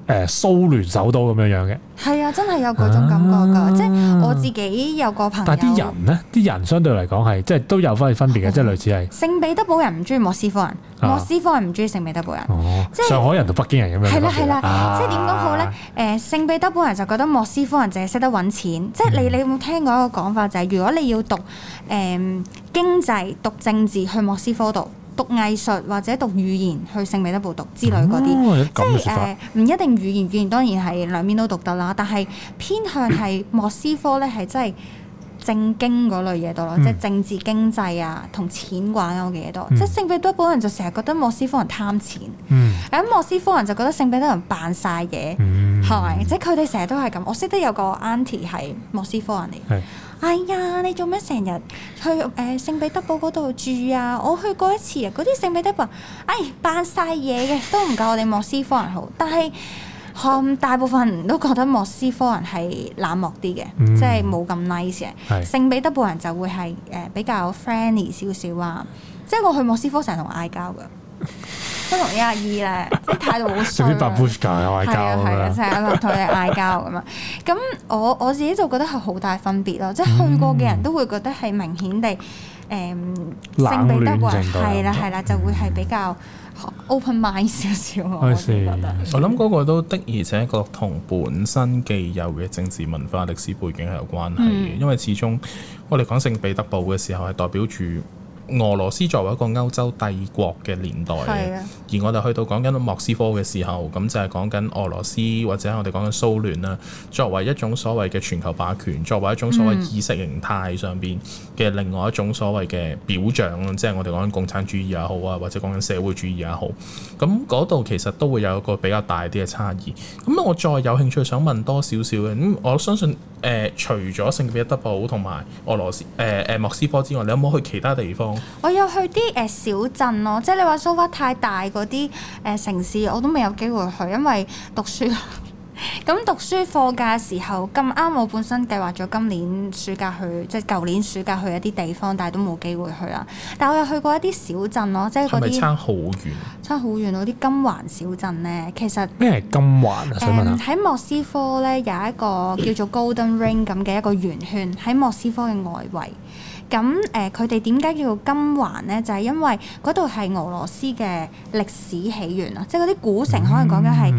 誒，蘇聯首都咁樣樣嘅，係啊，真係有嗰種感覺噶，即係我自己有個朋友。但係啲人呢，啲人相對嚟講係，即係都有返去分別嘅，即係類似係。聖彼得堡人唔中意莫斯科人，莫斯科人唔中意聖彼得堡人，即係上海人同北京人咁樣。係啦係啦，即係點講好咧？誒，聖彼得堡人就覺得莫斯科人淨係識得搵錢，即係你你有冇聽過一個講法就係，如果你要讀誒經濟、讀政治，去莫斯科度。讀藝術或者讀語言，去聖彼得堡讀之類嗰啲。嗯、這這即係誒唔一定語言。語言當然係兩邊都讀得啦，但係偏向係莫斯科咧，係真係政經嗰類嘢多咯，嗯、即係政治經濟啊，同錢掛鈎嘅嘢多。嗯、即係聖彼得堡人就成日覺得莫斯科人貪錢，咁、嗯、莫斯科人就覺得聖彼得人扮晒嘢，係、嗯、即係佢哋成日都係咁。我識得有個 auntie 係莫斯科人嚟。的是哎呀，你做咩成日去誒、呃、聖彼得堡嗰度住啊？我去過一次啊，嗰啲聖彼得堡，哎扮晒嘢嘅，都唔夠我哋莫斯科人好。但係、嗯，大部分人都覺得莫斯科人係冷漠啲嘅，嗯、即係冇咁 nice 嘅。的聖彼得堡人就會係誒、呃、比較 friendly 少少啊。即係我去莫斯科成日同我嗌交㗎。都同啲阿姨咧，即係態度好衰，仲啲 babushka 嗌交咁樣，真係同你嗌交咁啊！咁、啊啊、我我自己就覺得係好大分別咯，即係去過嘅人都會覺得係明顯地，誒聖彼得堡係啦係啦，就會係比較 open mind 少少咯。啊啊、我諗嗰個都的，而且確同本身既有嘅政治文化歷史背景係有關係嘅，嗯、因為始終我哋講聖彼得堡嘅時候係代表住。俄羅斯作為一個歐洲帝國嘅年代。而我哋去到講緊莫斯科嘅時候，咁就係講緊俄羅斯或者我哋講緊蘇聯啦，作為一種所謂嘅全球霸權，作為一種所謂意識形態上邊嘅另外一種所謂嘅表象，嗯、即係我哋講緊共產主義也好啊，或者講緊社會主義也好，咁嗰度其實都會有一個比較大啲嘅差異，咁我再有興趣想問多少少嘅，咁我相信誒、呃、除咗聖彼得堡同埋俄羅斯誒誒、呃、莫斯科之外，你有冇去其他地方？我有去啲誒小鎮咯，即係你話蘇花太大個。嗰啲誒城市我都未有機會去，因為讀書。咁 讀書放假時候咁啱，我本身計劃咗今年暑假去，即係舊年暑假去一啲地方，但係都冇機會去啦。但係我有去過一啲小鎮咯，即係嗰啲差好遠，差好遠嗰啲金環小鎮咧，其實咩係金環啊？想問下喺、um, 莫斯科咧有一個叫做 Golden Ring 咁嘅一個圓圈喺莫斯科嘅外圍。咁誒，佢哋點解叫做金環呢？就係、是、因為嗰度係俄羅斯嘅歷史起源咯，即係嗰啲古城可能講緊係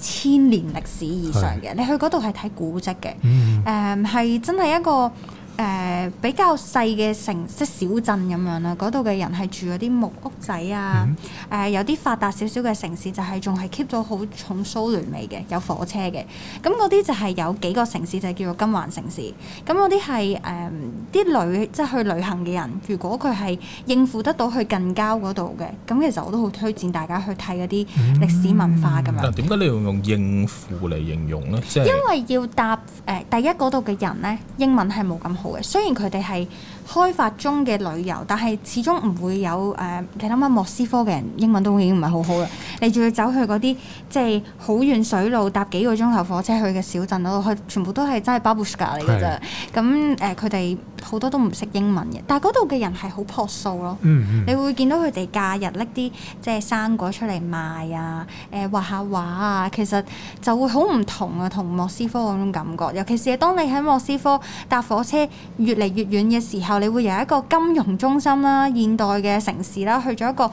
千年歷史以上嘅。嗯、你去嗰度係睇古蹟嘅，誒係、嗯嗯、真係一個。誒、呃、比較細嘅城即小鎮咁樣啦，嗰度嘅人係住嗰啲木屋仔啊。誒、嗯呃、有啲發達少少嘅城市就係仲係 keep 到好重蘇聯味嘅，有火車嘅。咁嗰啲就係有幾個城市就係、是、叫做金環城市。咁嗰啲係誒啲旅即去旅行嘅人，如果佢係應付得到去近郊嗰度嘅，咁其實我都好推薦大家去睇嗰啲歷史文化咁樣，嗯。但點解你要用應付嚟形容呢？即係因為要搭誒、呃、第一嗰度嘅人呢，英文係冇咁好。雖然佢哋係，開發中嘅旅遊，但係始終唔會有誒、呃，你諗下莫斯科嘅人英文都已經唔係好好啦。你仲要走去嗰啲即係好遠水路搭幾個鐘頭火車去嘅小鎮嗰度，佢全部都係真係 Babushka 嚟㗎啫。咁誒是，佢哋好多都唔識英文嘅，但係嗰度嘅人係好樸素咯。嗯嗯你會見到佢哋假日拎啲即係生果出嚟賣啊，誒、呃、畫下畫啊，其實就會好唔同啊，同莫斯科嗰種感覺。尤其是係當你喺莫斯科搭火車越嚟越遠嘅時候。你會由一個金融中心啦、現代嘅城市啦，去咗一個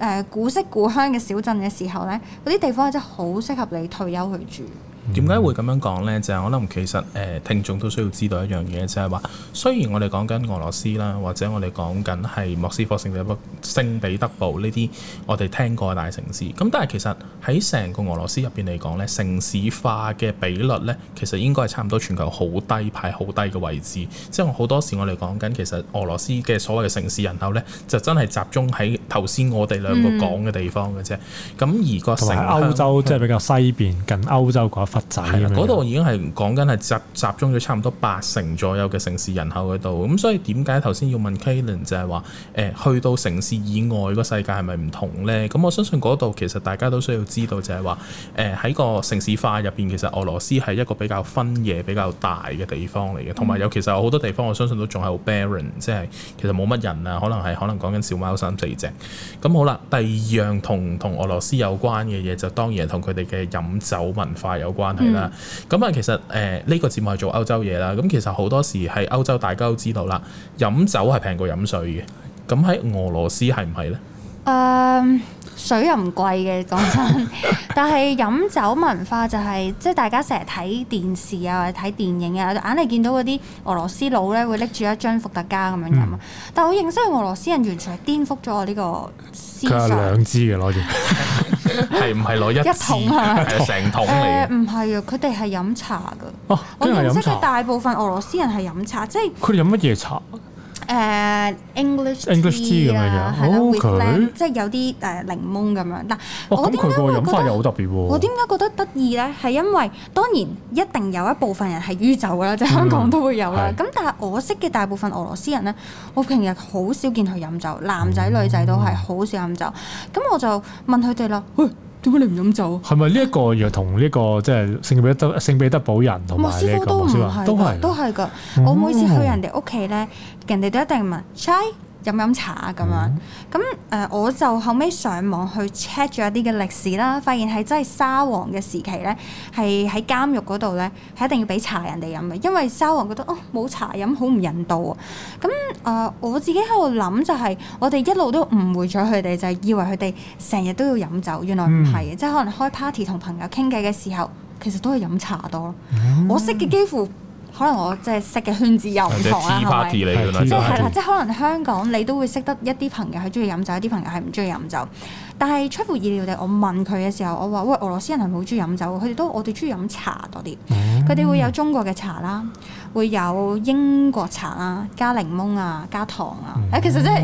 誒古色古香嘅小鎮嘅時候呢，嗰啲地方真係好適合你退休去住。點解會咁樣講呢？就係、是、我諗，其實誒聽眾都需要知道一樣嘢，就係話，雖然我哋講緊俄羅斯啦，或者我哋講緊係莫斯科、聖彼得堡呢啲我哋聽過嘅大城市，咁但係其實喺成個俄羅斯入邊嚟講呢，城市化嘅比率呢，其實應該係差唔多全球好低排、好低嘅位置。即係好多時我哋講緊，其實俄羅斯嘅所謂嘅城市人口呢，就真係集中喺頭先我哋兩個講嘅地方嘅啫。咁、嗯、而個成歐洲它 即係比較西邊近歐洲嗰嗰度已經係講緊係集集中咗差唔多八成左右嘅城市人口喺度，咁所以點解頭先要問 Kalen 就係話誒去到城市以外個世界係咪唔同呢？咁我相信嗰度其實大家都需要知道就係話誒喺個城市化入邊，其實俄羅斯係一個比較分野比較大嘅地方嚟嘅，同埋有其實好多地方我相信都仲係好 barren，即係其實冇乜人啊，可能係可能講緊小貓三四隻。咁好啦，第二樣同同俄羅斯有關嘅嘢就當然係同佢哋嘅飲酒文化有關。關係啦，咁啊、嗯、其實誒呢個節目係做歐洲嘢啦，咁其實好多時係歐洲大家都知道啦，飲酒係平過飲水嘅，咁喺俄羅斯係唔係呢？嗯水又唔貴嘅，講真。但係飲酒文化就係、是，即係大家成日睇電視啊，或者睇電影啊，眼嚟見到嗰啲俄羅斯佬咧，會拎住一樽伏特加咁樣飲㗎嘛。嗯、但係我認識俄羅斯人完全係顛覆咗我呢個思想。兩支嘅攞住，係唔係攞一桶啊？係成桶嚟。唔係啊，佢哋係飲茶㗎。哦，我認識佢大部分俄羅斯人係飲茶，即係。佢哋飲乜嘢茶？誒、uh, English tea 咁樣嘅，好即係有啲誒檸檬咁樣嗱。啊哦、我點解個飲法又好特別喎、啊。我點解覺得得意咧？係因為當然一定有一部分人係酗酒㗎啦，嗯、即係香港都會有啦。咁是但係我識嘅大部分俄羅斯人咧，我平日好少見佢飲酒，男仔女仔都係好少飲酒。咁、嗯、我就問佢哋啦。點解你唔咁做？係咪呢一個若同呢個即係聖彼得、聖彼得堡人同埋呢一個？都唔係，都係，都係噶、嗯。我每次去人哋屋企咧，人哋都一定問，猜。飲飲茶啊咁樣，咁誒、嗯呃、我就後尾上網去 check 咗一啲嘅歷史啦，發現係真係沙皇嘅時期咧，係喺監獄嗰度咧，係一定要俾茶人哋飲嘅，因為沙皇覺得哦冇茶飲好唔人道啊。咁誒、呃、我自己喺度諗就係、是、我哋一路都誤會咗佢哋，就係、是、以為佢哋成日都要飲酒，原來唔係嘅，嗯、即係可能開 party 同朋友傾偈嘅時候，其實都係飲茶多。嗯、我識嘅幾乎。可能我即係識嘅圈子又唔同啦，係咪？係啦，即係可能香港你都會識得一啲朋友係中意飲酒，一啲朋友係唔中意飲酒。但係出乎意料地，我問佢嘅時候，我話：喂，俄羅斯人係咪好中意飲酒？佢哋都我哋中意飲茶多啲。佢哋、嗯、會有中國嘅茶啦，會有英國茶啦，加檸檬啊，加糖啊。誒、嗯，其實即係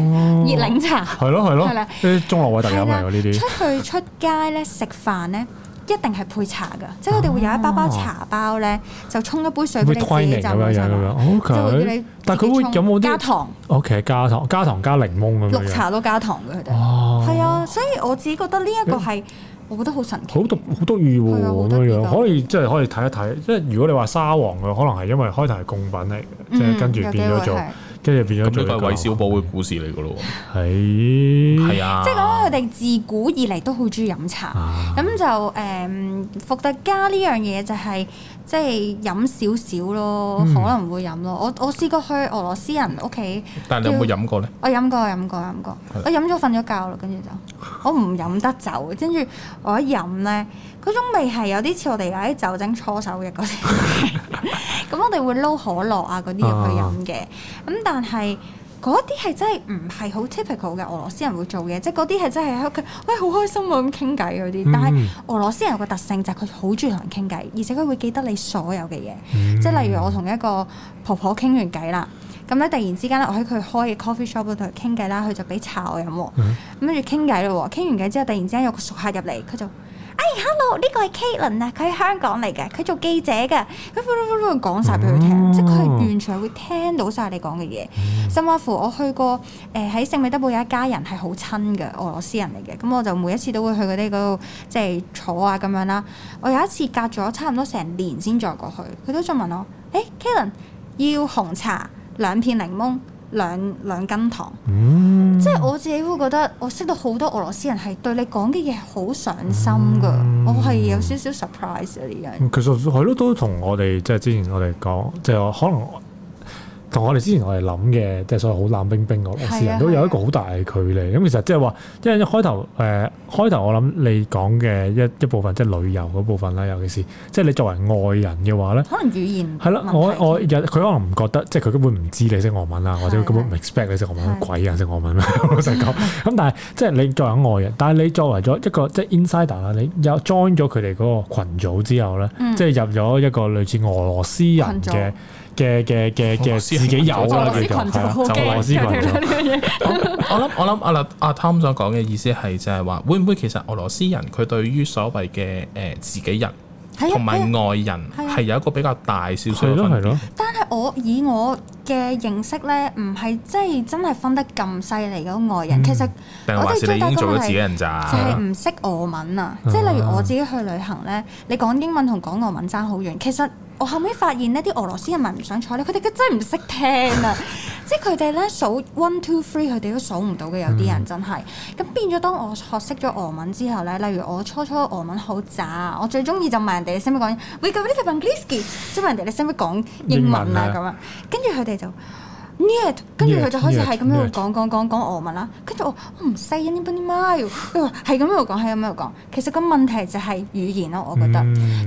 熱檸茶。係咯係咯。係啦， 中老鬼特飲嚟呢啲。出去出街咧食飯咧。一定係配茶噶，即係佢哋會有一包包茶包咧，就沖一杯水俾你，就咁樣。會太濃㗎，有㗎，好嘅，但係佢會有冇啲加糖？哦，其實加糖、加糖、加檸檬咁樣。綠茶都加糖嘅佢哋。哦。係啊，所以我自己覺得呢一個係，我覺得好神奇。好得意好得意喎，咁樣可以即係可以睇一睇。即係如果你話沙皇嘅，可能係因為開頭係供品嚟，嘅，即係跟住變咗做。跟住變咗，咁就係《韋小寶》嘅故事嚟㗎咯喎。係，係啊，啊即係講佢哋自古以嚟都好中意飲茶，咁、啊、就誒伏特加呢樣嘢就係、是。即係飲少少咯，嗯、可能會飲咯。我我試過去俄羅斯人屋企，但係你有冇飲過咧？我飲過，飲過，飲過。我飲咗瞓咗覺喇，跟住是的 就我唔飲得酒。跟住我一飲咧，嗰種味係有啲似我哋嗱啲酒精搓手嘅嗰啲。咁 我哋會撈可樂啊嗰啲入去飲嘅。咁、啊、但係。嗰啲係真係唔係好 typical 嘅俄羅斯人會做嘅，即係嗰啲係真係喺屋企，喂，好開心咁傾偈嗰啲。但係俄羅斯人有個特性就係佢好中意同人傾偈，而且佢會記得你所有嘅嘢。即係例如我同一個婆婆傾完偈啦，咁咧突然之間咧我喺佢開嘅 coffee shop 度同佢傾偈啦，佢就俾茶我飲，咁跟住傾偈啦喎，傾完偈之後，之後突然之間有個熟客入嚟，佢就。哎，hello，呢個係 Kalen 啊，佢喺香港嚟嘅，佢做記者嘅，咁 f l u f l u 講曬俾佢聽，即係佢完全係會聽到晒你講嘅嘢。甚外乎我去過誒喺、呃、聖彼得堡有一家人係好親嘅俄羅斯人嚟嘅，咁我就每一次都會去嗰啲嗰度即係坐啊咁樣啦。我有一次隔咗差唔多成年先再過去，佢都仲問我：誒、欸、Kalen 要紅茶兩片檸檬。兩兩斤糖，嗯、即係我自己會覺得，我識到好多俄羅斯人係對你講嘅嘢好上心㗎，嗯、我係有少少 surprise 啊呢樣。其實係咯，都同我哋即係之前我哋講，即係可能。同我哋之前我哋諗嘅，即係所謂好冷冰冰嘅，俄羅斯人都有一個好大嘅距離。咁其實即係話，即係一開頭，誒開頭我諗你講嘅一一部分，即係旅遊嗰部分啦，尤其是即係你作為外人嘅話咧、嗯，可能語言係咯的，我我，佢可能唔覺得，即係佢根本唔知你識俄文啊，或者根本唔 expect 你識俄文，鬼人識俄文啦，老實講。咁 但係即係你作為外人，但係你作為咗一個即係 insider 啦，你有 join 咗佢哋嗰個羣組之後咧，即係、嗯嗯、入咗一個類似俄羅斯人嘅。嘅嘅嘅嘅自己有啦，就俄羅斯羣我諗我諗阿阿 Tom 所講嘅意思係就係話，會唔會其實俄羅斯人佢對於所謂嘅誒自己人同埋外人係有一個比較大少少嘅分？係咯，但係我以我嘅認識咧，唔係即係真係分得咁犀利嘅外人。其實我哋當咗自己人咋，就係唔識俄文啊！即係例如我自己去旅行咧，你講英文同講俄文爭好遠。其實我後尾發現呢啲俄羅斯人民唔想睬你，佢哋真係唔識聽啊！ 即係佢哋咧，數 one two three，佢哋都數唔到嘅，有啲人真係。咁、嗯、變咗，當我學識咗俄文之後咧，例如我初初俄文好渣，我最中意就問人哋你識唔識講，English 即係問人哋你識唔識講英文啊咁樣，跟住佢哋就。跟住佢就開始係咁樣講講講講俄文啦。跟住我我唔識，一啲半啲冇。佢話係咁樣講，係咁樣講。其實個問題就係語言囉，我覺得。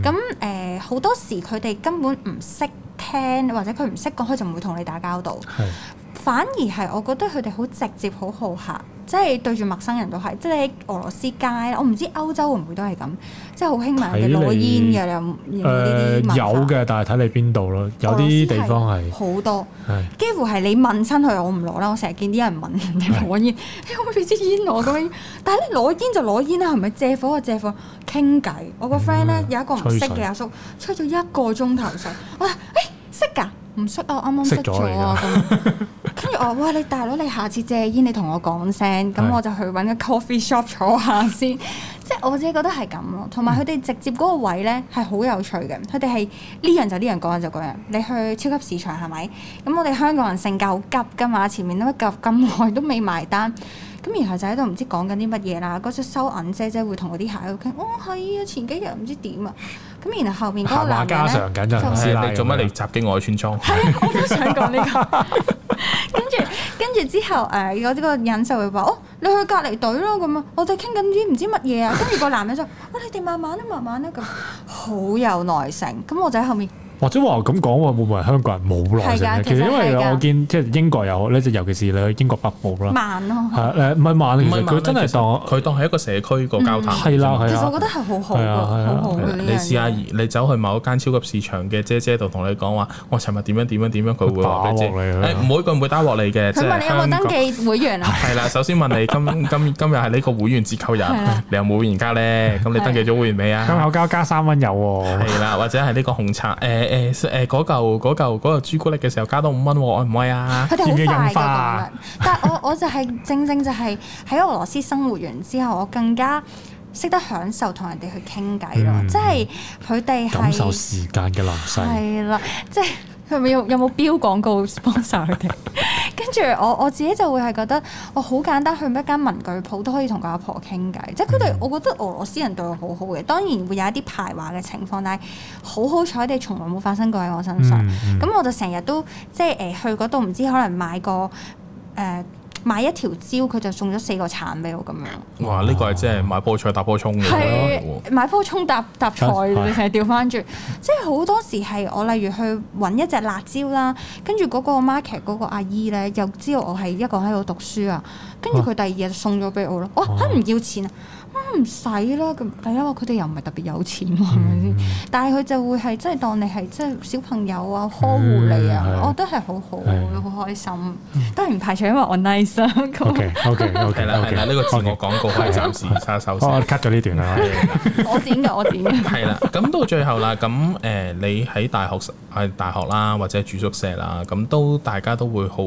咁誒好多時佢哋根本唔識聽，或者佢唔識講，佢就唔會同你打交道。 反而係，我覺得佢哋好直接，好好客，即係對住陌生人都係。即係喺俄羅斯街，我唔知歐洲會唔會都係咁，即係好興買嘅攞煙嘅你有嘅、呃，但係睇你邊度咯，有啲地方係好多，的幾乎係你問親佢，我唔攞啦。我成日見啲人問人，攞的、哎煙、啊、煙，誒可唔可以支煙攞？咁但係你攞煙就攞煙啦，係咪借火就、啊、借火、啊，傾偈。我個 friend 咧有一個唔識嘅阿叔，吹咗吹一個鐘頭水，我話誒、欸欸、識㗎。唔識啊，啱啱識咗啊！咁，跟住我話：哇，你大佬，你下次借煙，你同我講聲，咁 我就去揾個 coffee shop 坐下先。即係 我自己覺得係咁咯。同埋佢哋直接嗰個位呢，係好有趣嘅，佢哋係呢樣就呢樣，嗰樣就嗰樣。你去超級市場係咪？咁我哋香港人性格好急㗎嘛，前面都急咁耐都未埋單。咁然後就喺度唔知講緊啲乜嘢啦，嗰隻收銀姐姐會同嗰啲客喺度傾，哦，係啊，前幾日唔知點啊，咁然後後面嗰個男人咧就試做乜嚟襲擊我嘅村莊？係 啊，我都想講呢、呢個。跟住跟住之後，誒有呢個人就會話：哦，你去隔離隊咯。咁啊，我就傾緊啲唔知乜嘢啊。跟住個男人就：哇、哦，你哋慢慢啊，慢慢啊。咁好有耐性。咁我就喺後面。或者話咁講喎，會唔會係香港人冇耐性咧？其實因為我見即係英國又好咧，即係尤其是你去英國北部啦。慢咯。係誒，唔係慢啊！其實佢真係當佢當係一個社區個交談。係啦係啊。其實我覺得係好好嘅，好好嘅。你試下，你走去某一間超級市場嘅姐姐度同你講話，我尋日點樣點樣點樣，佢會話俾你知。唔會佢唔會打落嚟嘅。佢問你有冇登記會員啊？係啦，首先問你今今今日係呢個會員折扣日，你有冇會員卡咧？咁你登記咗會員未啊？咁有交加三蚊有喎。係啦，或者係呢個紅茶誒。誒誒嗰，嚿嗰朱古力嘅時候加多五蚊喎，我唔會啊？佢哋好快嘅，但係我我就係正正就係喺俄羅斯生活完之後， 我更加識得享受同人哋去傾偈咯，嗯、即係佢哋係感受時間嘅流逝，係啦，即係。佢咪有有冇標廣告 sponsor 佢哋？ 跟住我我自己就會係覺得我好簡單去一間文具鋪都可以同個阿婆傾偈，即係佢哋我覺得俄羅斯人對我好好嘅，當然會有一啲排華嘅情況，但係好好彩，你從來冇發生過喺我身上。咁、mm hmm. 我就成日都即係誒去嗰度，唔知可能買個誒。呃買一條蕉佢就送咗四個橙俾我咁樣，哇！呢、呢個係即係買波菜搭波葱嘅咯，是啊、買波葱搭搭菜，係掉翻轉。即係好多時係我例如去揾一隻辣椒啦，跟住嗰個 market 嗰個阿姨咧又知道我係一個喺度讀書啊，跟住佢第二日送咗俾我咯，哇！佢唔要錢啊！唔使啦，咁係因為佢哋又唔係特別有錢喎，係咪先、嗯？但係佢就會係真係當你係即係小朋友啊，呵護你啊，我覺得係好好，好開心。當然唔排除因為我 nice 啊。O K O K O K 啦，呢、okay, okay, okay, 嗯 yeah, 個自我廣告可以暫時收手 okay. Okay,uh。我 cut 咗呢段啦。我剪㗎，我剪㗎。係啦，咁到最後啦，咁誒、呃，你喺大學係大學啦，或者住宿舍啦，咁都大家都會好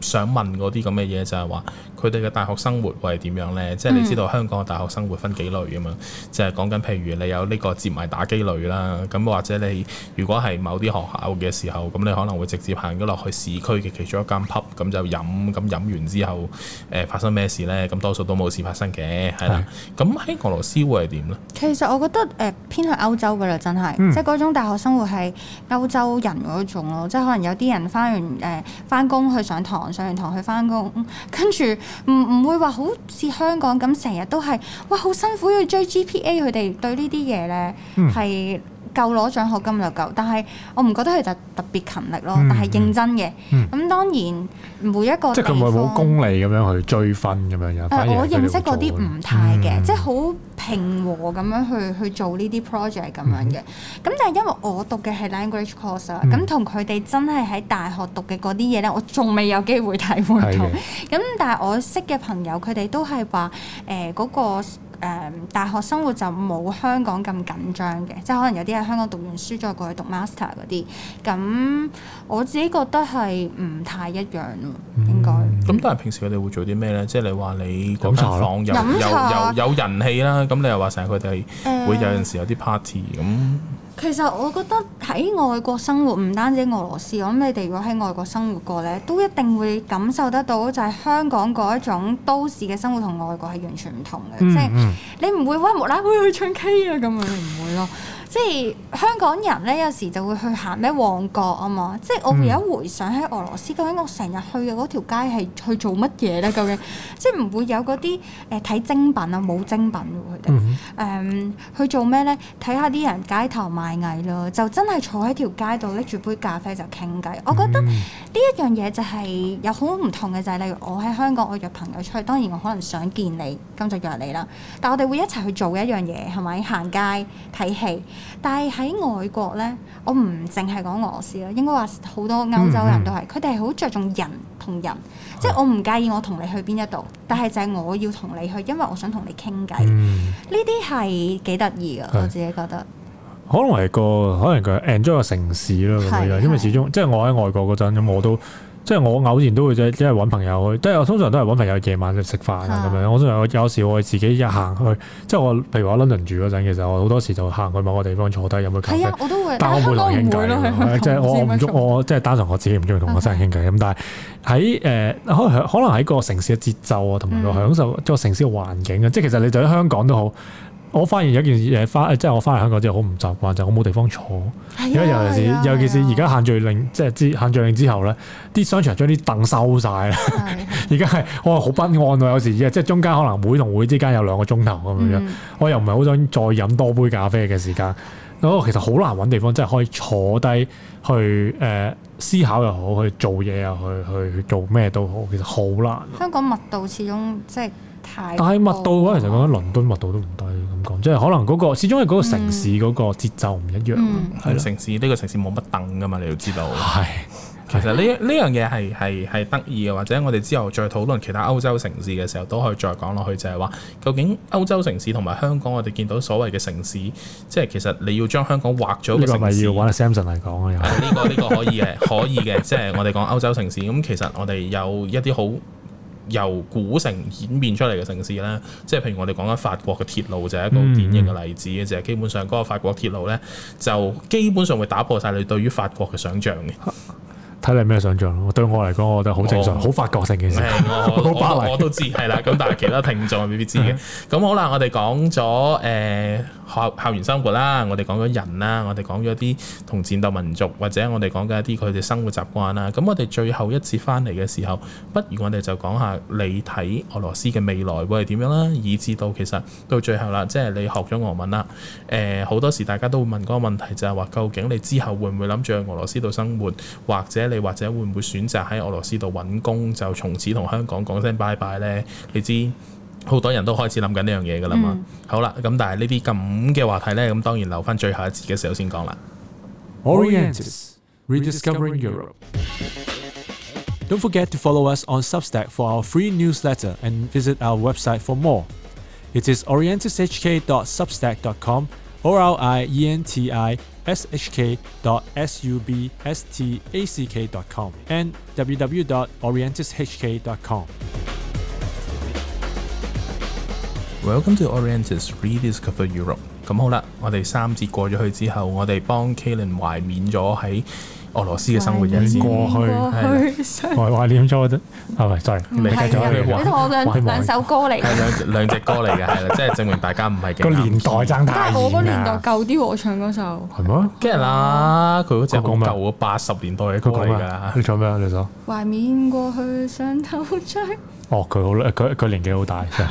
想問嗰啲咁嘅嘢，就係話。佢哋嘅大學生活會係點樣呢？即係你知道香港嘅大學生活分幾類㗎嘛？即係講緊譬如你有呢個接埋打機類啦，咁或者你如果係某啲學校嘅時候，咁你可能會直接行咗落去市區嘅其中一間 pub，咁就飲，咁飲完之後，誒、呃、發生咩事呢？咁多數都冇事發生嘅，係啦是。咁喺俄羅斯會係點呢？其實我覺得誒偏向歐洲㗎啦，真係，嗯、即係嗰種大學生活係歐洲人嗰種咯，即係可能有啲人翻完誒翻工去上堂，上完堂去翻工，跟住。唔唔會話好似香港咁成日都係，哇好辛苦要追 GPA，佢哋對呢啲嘢咧係。嗯夠攞獎學金就夠，但係我唔覺得佢就特別勤力咯，但係認真嘅。咁當然每一個即係佢唔係好功利咁樣去追分咁樣嘅。誒，我認識嗰啲唔太嘅，即係好平和咁樣去去做呢啲 project 咁樣嘅。咁但係因為我讀嘅係 language course 啦，咁同佢哋真係喺大學讀嘅嗰啲嘢咧，我仲未有機會睇活動。咁但係我識嘅朋友，佢哋都係話誒嗰個。誒、um, 大學生活就冇香港咁緊張嘅，即係可能有啲喺香港讀完書再過去讀 master 嗰啲，咁我自己覺得係唔太一樣咯，應該、嗯。咁但係平時佢哋會做啲咩咧？即係你話你嗰間房有有有，有，有人氣啦，咁你又話成日佢哋會有陣時有啲 party 咁、嗯。其實我覺得喺外國生活唔單止俄羅斯，我諗你哋如果喺外國生活過咧，都一定會感受得到就係香港嗰一種都市嘅生活同外國係完全唔同嘅，嗯、即係你唔會哇無啦啦去唱 K 啊咁樣，你唔會咯。即係香港人咧，有時就會去行咩旺角啊嘛！即係我有一回想喺俄羅斯，究竟我成日去嘅嗰條街係去做乜嘢咧？究竟即係唔會有嗰啲誒睇精品啊，冇精品喎佢哋誒去做咩咧？睇下啲人街頭賣藝咯，就真係坐喺條街度拎住杯咖啡就傾偈。嗯、我覺得呢一樣嘢就係有好多唔同嘅，就係、是、例如我喺香港，我約朋友出去，當然我可能想見你，噉就約你啦。但我哋會一齊去做一樣嘢，係咪行街睇戲？但係喺外國咧，我唔淨係講俄羅斯啦，應該話好多歐洲人都係，佢哋係好着重人同人，啊、即係我唔介意我同你去邊一度，但係就係我要同你去，因為我想同你傾偈。呢啲係幾得意噶，是我自己覺得。可能係個，可能佢 enjoy 城市啦，是因為始終即係我喺外國嗰陣咁，我都。即係我偶然都會即係揾朋友去，即係通常都係揾朋友夜晚去食飯啊咁樣。我通常有時我會自己一行去，即係我譬如話 London 住嗰陣，其實我好多時就行去某個地方坐低飲杯咖啡。哎、我會但我唔、啊、會嚟傾偈咯，即係我唔中，我即係單純我自己唔中意同陌生人傾偈。咁、啊嗯、但係喺誒可可能喺個城市嘅節奏啊，同埋個享受即係城市嘅環境啊，即係、嗯嗯、其實你就喺香港都好。我發現有一件嘢翻，即係我翻嚟香港之後好唔習慣，就係、是、我冇地方坐。而家尤其是，尤其是而家呀限聚令，呀即係限聚令之後咧，啲商場將啲凳收晒啦是。而家係我好不安啊！有時即係中間可能會同會之間有兩個鐘頭咁樣，嗯、我又唔係好想再飲多杯咖啡嘅時間。咁我其實好難揾地方，即、就、係、是、可以坐低去誒、呃、思考又好，去做嘢又好，去去做咩都好，其實好難。香港密度始終即係。但係密度嘅話，其實講緊倫敦密度都唔低咁講，即係可能嗰、那個始終係嗰個城市嗰個節奏唔一樣。嗯嗯、吧城市呢、這個城市冇乜等噶嘛，你要知道。係，其實呢呢樣嘢係係係得意嘅，或者我哋之後再討論其他歐洲城市嘅時候都可以再講落去，就係、是、話究竟歐洲城市同埋香港，我哋見到所謂嘅城市，即係其實你要將香港畫咗。呢、 這個咪要揾 Samson 嚟講啊？呢、這個呢、這個可以嘅，可以嘅，即、就、係、是、我哋講歐洲城市咁，其實我哋有一啲好。由古城演變出嚟嘅城市咧，即係譬如我哋講緊法國嘅鐵路就係、是、一個典型嘅例子嘅，就係、嗯嗯、基本上嗰個法國鐵路呢，就基本上會打破晒你對於法國嘅想像嘅。睇你咩想像咯？對我嚟講，我覺得好正常，好、哦、法國性嘅事，好巴黎。我都知係啦，咁但係其他聽眾未必知嘅。咁 好啦，我哋講咗誒。呃校校園生活啦，我哋講咗人啦，我哋講咗啲同戰鬥民族，或者我哋講緊一啲佢哋生活習慣啦。咁我哋最後一次翻嚟嘅時候，不如我哋就講下你睇俄羅斯嘅未來會係點樣啦，以至到其實到最後啦，即係你學咗俄文啦。誒、呃，好多時大家都會問嗰個問題就係、是、話，究竟你之後會唔會諗住去俄羅斯度生活，或者你或者會唔會選擇喺俄羅斯度揾工，就從此同香港講聲拜拜呢？你知？好多人都開始諗緊呢樣嘢噶啦嘛，好啦，咁但係呢啲咁嘅話題呢，咁當然留返最後一節嘅時候先講啦。Welcome to Orientus Rediscover Europe。咁好啦，我哋三節過咗去之後，我哋幫 Kalen 懷念咗喺俄羅斯嘅生活嘅過去，係懷念咗，係咪？再你繼續去懷念，同我兩首歌嚟，係兩兩隻歌嚟嘅，係啦，即係證明大家唔係幾個年代爭大，但係我嗰年代舊啲，我唱嗰首係咩？梗係啦，佢嗰隻好舊啊，八十年代嘅曲嚟噶。你唱咩啊？你首懷念過去，想偷追。哦，佢好啦，佢佢年紀好大，係。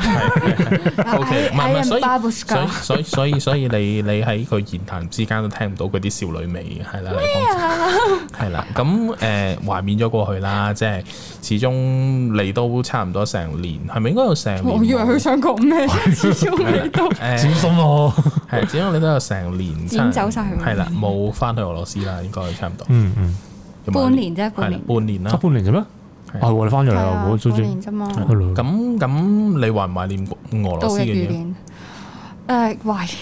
O K，唔係唔係，所以所以所以所以你你喺佢言談之間都聽唔到佢啲少女味嘅，係啦，係啦。 咁誒懷緬咗過去啦，即係始終你都差唔多成年，係咪應該有成年？我以為佢想講咩，始終你都小心喎。係、啊，始終你都有成年，走晒。係啦，冇翻去俄羅斯啦，應該差唔多。嗯、啊、嗯，半年啫，半年，半年啦，半年啫咩？係你翻咗嚟好早啲。咁咁，你懷唔懷念俄羅斯嘅嘢？悼念，誒， 懷念，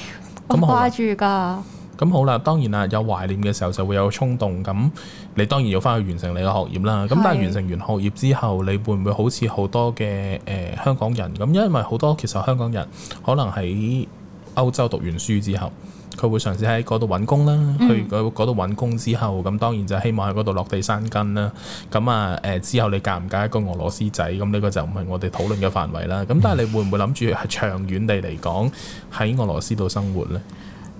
咁，掛住噶。咁好啦，當然啦，有懷念嘅時候就會有衝動。咁你當然要翻去完成你嘅學業啦。咁的但係完成完學業之後，你會唔會好似好多嘅誒、呃、香港人咁？因為好多其實香港人可能喺歐洲讀完書之後。佢會嘗試喺嗰度揾工啦，嗯、去嗰度揾工之後，咁當然就希望喺嗰度落地生根啦。咁啊，誒之後你嫁唔嫁一個俄羅斯仔？咁呢個就唔係我哋討論嘅範圍啦。咁但係你會唔會諗住係長遠地嚟講喺俄羅斯度生活呢？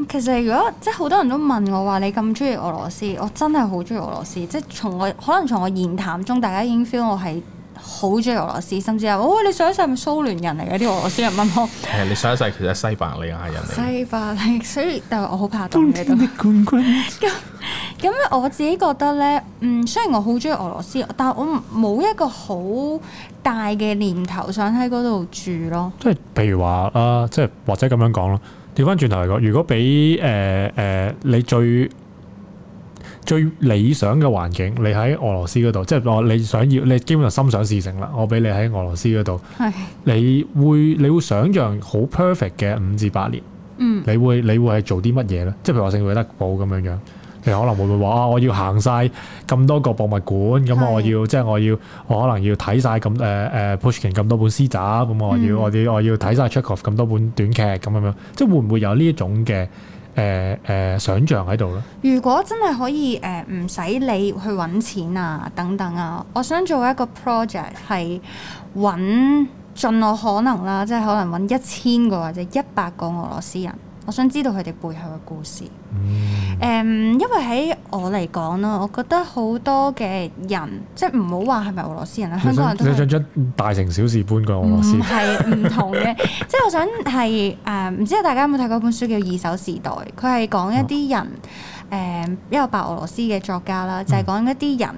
其實如果即係好多人都問我話你咁中意俄羅斯，我真係好中意俄羅斯。即係從我可能從我言談中，大家已經 feel 我係。好中意俄羅斯，甚至係哦，你上一世係咪蘇聯人嚟嘅啲俄羅斯人乜乜？誒，你上一世其實西伯利亞人嚟。西伯利，所以但係我好怕凍嘅。東北冠軍。咁咁，我自己覺得咧，嗯，雖然我好中意俄羅斯，但我冇一個好大嘅念頭想喺嗰度住咯。即係譬如話啦，即、呃、係或者咁樣講咯，調翻轉頭嚟講，如果俾誒誒你最。最理想嘅環境，你喺俄羅斯嗰度，即係我你想要，你基本上心想事成啦。我俾你喺俄羅斯嗰度，是你會你會想像好 perfect 嘅五至八年，嗯你，你會你會係做啲乜嘢咧？即係譬如話聖彼得堡咁樣樣，你可能會唔會話我要行晒咁多個博物館，咁啊是我要即係我要，我可能要睇晒咁誒誒 Pushkin 咁多本詩集，咁啊要我啲我要睇晒 Chekhov c 咁多本短劇咁樣樣，即係會唔會有呢一種嘅？誒誒、呃呃、想象喺度咯。如果真係可以誒，唔使你去揾錢啊，等等啊，我想做一個 project 係揾盡我可能啦，即係可能揾一千個或者一百個俄羅斯人。我想知道佢哋背後嘅故事。誒、嗯，um, 因為喺我嚟講咯，我覺得好多嘅人，即係唔好話係咪俄羅斯人啦，想香港人都想將大城小事搬過俄羅斯，唔係唔同嘅。 即係我想係誒，唔知道大家有冇睇過本書叫《二手時代》，佢係講一啲人。哦誒、嗯、一個白俄羅斯嘅作家啦，就係、是、講一啲人誒、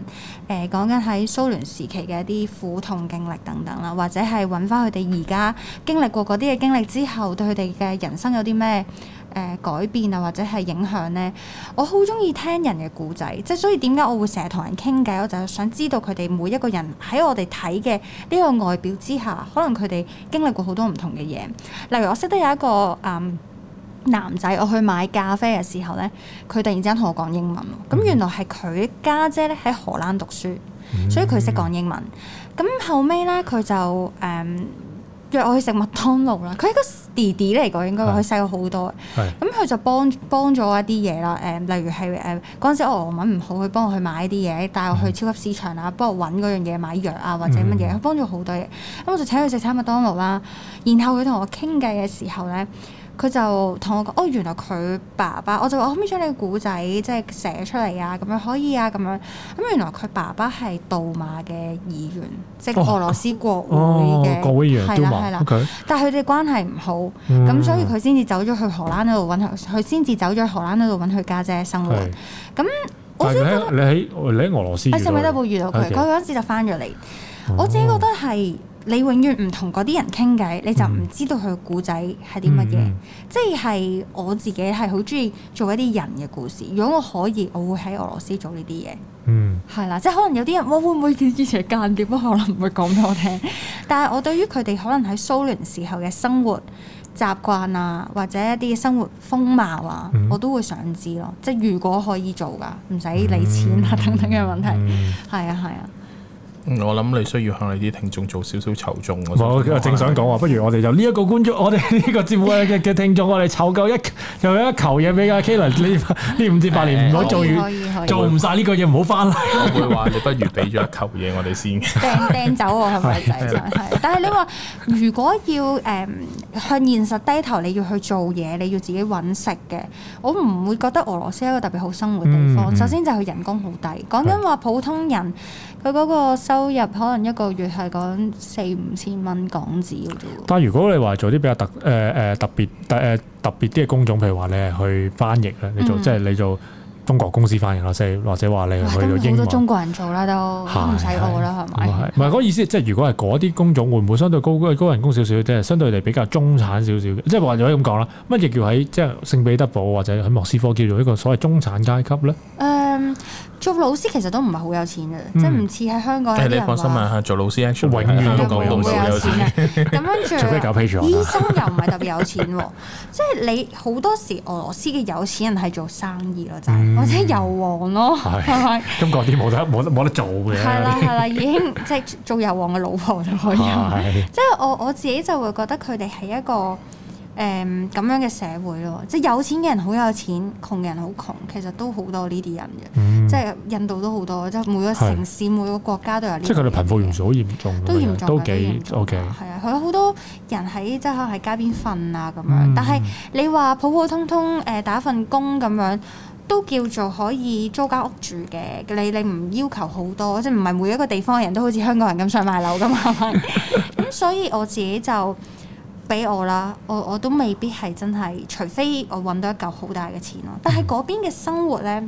呃、講緊喺蘇聯時期嘅一啲苦痛經歷等等啦，或者係揾返佢哋而家經歷過嗰啲嘅經歷之後，對佢哋嘅人生有啲咩誒改變啊，或者係影響咧？我好中意聽人嘅故仔，即係所以點解我會成日同人傾偈，我就係想知道佢哋每一個人喺我哋睇嘅呢個外表之下，可能佢哋經歷過好多唔同嘅嘢。例如我識得有一個嗯。男仔，我去買咖啡嘅時候咧，佢突然之間同我講英文，咁原來係佢家姐咧喺荷蘭讀書，所以佢識講英文。咁後尾咧，佢就誒約我去食麥當勞啦。佢係個弟弟嚟講，應該佢細我好多。咁佢就幫幫咗我一啲嘢啦，誒，例如係誒嗰陣時我俄文唔好，佢幫我去買啲嘢，帶我去超級市場啦，幫我揾嗰樣嘢買藥啊，或者乜嘢，幫咗好多嘢。咁我就請佢食餐麥當勞啦。然後佢同我傾偈嘅時候咧。佢就同我講：哦，原來佢爸爸，我就話可唔可以將你個故仔即係寫出嚟啊？咁樣可以啊？咁樣咁原來佢爸爸係杜馬嘅議員，即係俄羅斯國會嘅。哦，國會議員。係啦，係啦。OK。但係佢哋關係唔好，咁所以佢先至走咗去荷蘭嗰度揾佢，佢先至走咗去荷蘭嗰度揾佢家姐生活。咁，我係你你喺俄羅斯，阿盛美都冇遇到佢，佢嗰陣時就翻咗嚟。我自己覺得係。你永遠唔同嗰啲人傾偈，你就唔知道佢嘅故仔係啲乜嘢。嗯嗯、即係我自己係好中意做一啲人嘅故事。如果我可以，我會喺俄羅斯做呢啲嘢。嗯，係啦，即係可能有啲人，我會唔會以前間諜啊？可能唔會講俾我聽。但係我對於佢哋可能喺蘇聯時候嘅生活習慣啊，或者一啲生活風貌啊，嗯、我都會想知咯。即係如果可以做㗎，唔使理錢啊等等嘅問題，係啊係啊。嗯我諗你需要向你啲聽眾做少少籌眾。我正想講話，不如我哋就呢一個觀眾，我哋呢個節目嘅嘅聽眾，我哋湊夠一有一球嘢俾阿 Kalen 你呢五至八年唔可以做遠，做唔晒呢個嘢唔好翻嚟。我會話你不如俾咗一球嘢我哋先，掟，掟走我，係咪？但係你話如果要誒向現實低頭，你要去做嘢，你要自己搵食嘅，我唔會覺得俄羅斯係一個特別好生活地方。首先就係佢人工好低，講緊話普通人。佢嗰個收入可能一個月係講四五千蚊港紙啫，但係如果你話做啲比較特、誒、誒特別誒特別啲嘅工種，譬如話你係去翻譯啦，你做即係你做中國公司翻譯啦，即係或者話你去做英文。好多中國人做啦，都唔使好啦，係咪？唔係嗰意思，即係如果係嗰啲工種會唔會相對高高人工少少？即係相對嚟比較中產少少嘅，即係或者可以咁講啦。乜嘢叫喺即係聖彼得堡或者喺莫斯科叫做一個所謂中產階級咧？誒。做老師其實都唔係好有錢嘅，即係唔似喺香港。誒，你放心問下，做老師咧，永遠都講唔到錢嘅。咁跟住，要醫生又唔係特別有錢喎，即係你好多時俄羅斯嘅有錢人係做生意咯，就或者油王咯，係咪？中國啲冇得冇得冇得做嘅。係啦係啦，已經即係做油王嘅老婆就可以。即係我我自己就會覺得佢哋係一個。誒咁、嗯、樣嘅社會咯，即係有錢嘅人好有錢，窮人好窮，其實都好多呢啲人嘅，嗯、即係印度都好多，即係每個城市是每個國家都有。即係佢哋貧富懸殊好嚴重，都嚴重，都幾都嚴重 OK。係啊，佢好多人喺即係喺街邊瞓啊咁樣。但係你話普普通通誒、呃、打份工咁樣，都叫做可以租間屋住嘅。你你唔要求好多，即係唔係每一個地方人都好似香港人咁想買樓噶嘛？咁 所以我自己就。俾我啦，我我都未必係真係，除非我揾到一嚿好大嘅錢咯。但係嗰邊嘅生活呢，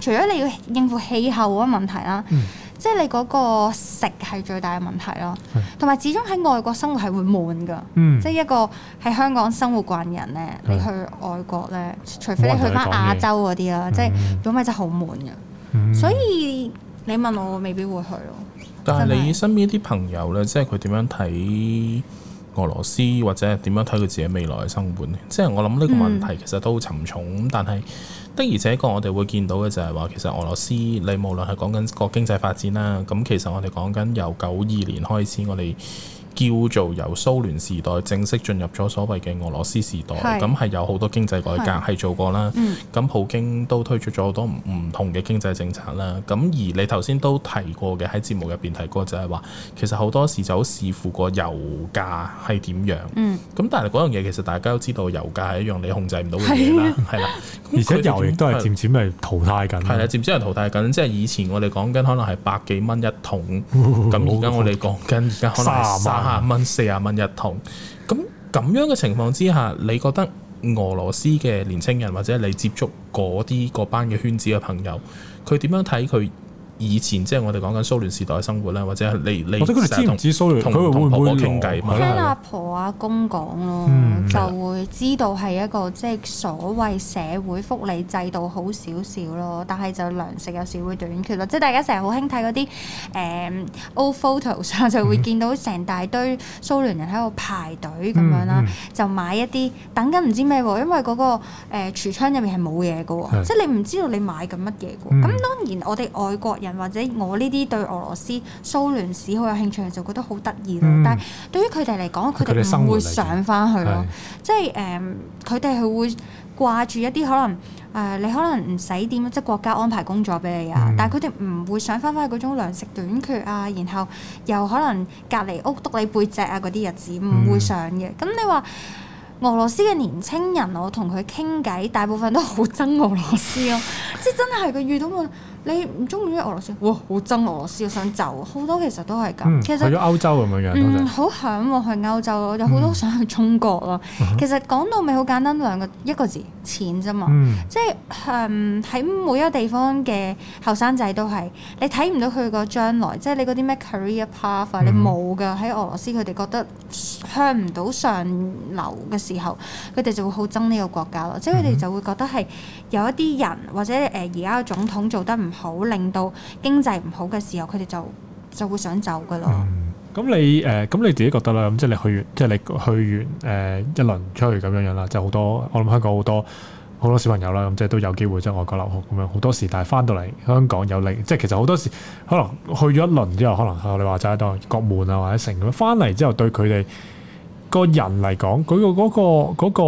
除咗你要應付氣候嗰個問題啦，嗯、即係你嗰個食係最大嘅問題咯。同埋、嗯、始終喺外國生活係會悶噶，嗯、即係一個喺香港生活慣人呢，嗯、你去外國呢，除非你去翻亞洲嗰啲啦，嗯、即係咁咪真係好悶噶。嗯、所以你問我，我未必會去咯。但係是 的你身邊啲朋友呢，即係佢點樣睇？俄羅斯或者係點樣睇佢自己未來嘅生活咧？即係我諗呢個問題其實都沉重，嗯、但係的而且確我哋會見到嘅就係話，其實俄羅斯你無論係講緊個經濟發展啦，咁其實我哋講緊由九二年開始我哋。叫做由蘇聯時代正式進入咗所謂嘅俄羅斯時代，咁係是有好多經濟改革係做過啦。咁是普京都推出咗好多唔同嘅經濟政策啦。咁、嗯、而你頭先都提過嘅喺節目入邊提過就，就係話其實好多時就好視乎個油價係點樣。咁、嗯、但係嗰樣嘢其實大家都知道，油價係一樣你控制唔到嘅嘢啦。係啦，而且油亦都係漸漸咪淘汰緊。係啦、啊啊，漸漸係淘汰緊。即係以前我哋講緊可能係百幾蚊一桶，咁而家我哋講緊而家可能係三廿蚊、四廿蚊日同，咁咁樣嘅情況之下，你覺得俄羅斯嘅年輕人或者你接觸嗰啲嗰班嘅圈子嘅朋友，佢點樣睇佢？以前即係我哋講緊蘇聯時代嘅生活啦，或者係你你成日同同婆婆傾偈，會會聽阿婆阿公講咯，嗯、就會知道係一個即係、就係、所謂社會福利制度好少少咯。但係就糧食有時會短缺咯。即係大家成日好興睇嗰啲誒 old photos 就會見到成大堆蘇聯人喺度排隊咁樣啦，就買一啲等緊唔知咩喎，因為嗰個櫥窗入面係冇嘢嘅喎，即係你唔知道你買緊乜嘢嘅。咁、嗯、當然我哋外國人。或者我呢啲對俄羅斯蘇聯史好有興趣就覺得好得意咯，嗯、但係對於佢哋嚟講，佢哋唔會想翻去咯。即係誒，佢哋係會掛住一啲可能誒、呃，你可能唔使點即係國家安排工作俾你啊，嗯、但係佢哋唔會想翻翻嗰種糧食短缺啊，然後又可能隔離屋篤你背脊啊嗰啲日子唔、嗯、會想嘅。咁你話俄羅斯嘅年輕人，我同佢傾偈，大部分都好憎俄羅斯咯，即係 真係佢遇到。你唔中唔中意俄羅斯？哇，好憎俄羅斯，想走好多，其實都係咁。嗯、其實去咗歐洲咁樣樣，嗯，好謝謝 響喎、啊，去歐洲咯，有好多想去中國咯、啊。嗯、其實講到尾，好簡單，兩個一個字。錢啫嘛，嗯、即係喺、嗯、每一個地方嘅後生仔都係你睇唔到佢個將來，即係你嗰啲咩 career path 啊、嗯，你冇噶。喺俄羅斯，佢哋覺得向唔到上流嘅時候，佢哋就會好憎呢個國家咯。即係佢哋就會覺得係有一啲人或者誒而家嘅總統做得唔好，令到經濟唔好嘅時候，佢哋就就會想走噶咯。嗯咁你誒咁你自己覺得啦，咁即係你去完，即係你去完誒、呃、一輪出去咁樣樣啦，即係好多我諗香港好多好多小朋友啦，咁即係都有機會即係外國留學咁樣，好多時但係翻到嚟香港有利，即係其實好多時可能去咗一輪之後，可能你話齋當國門啊或者成咁樣，翻嚟之後對佢哋個人嚟講，佢、個嗰個、嗰個、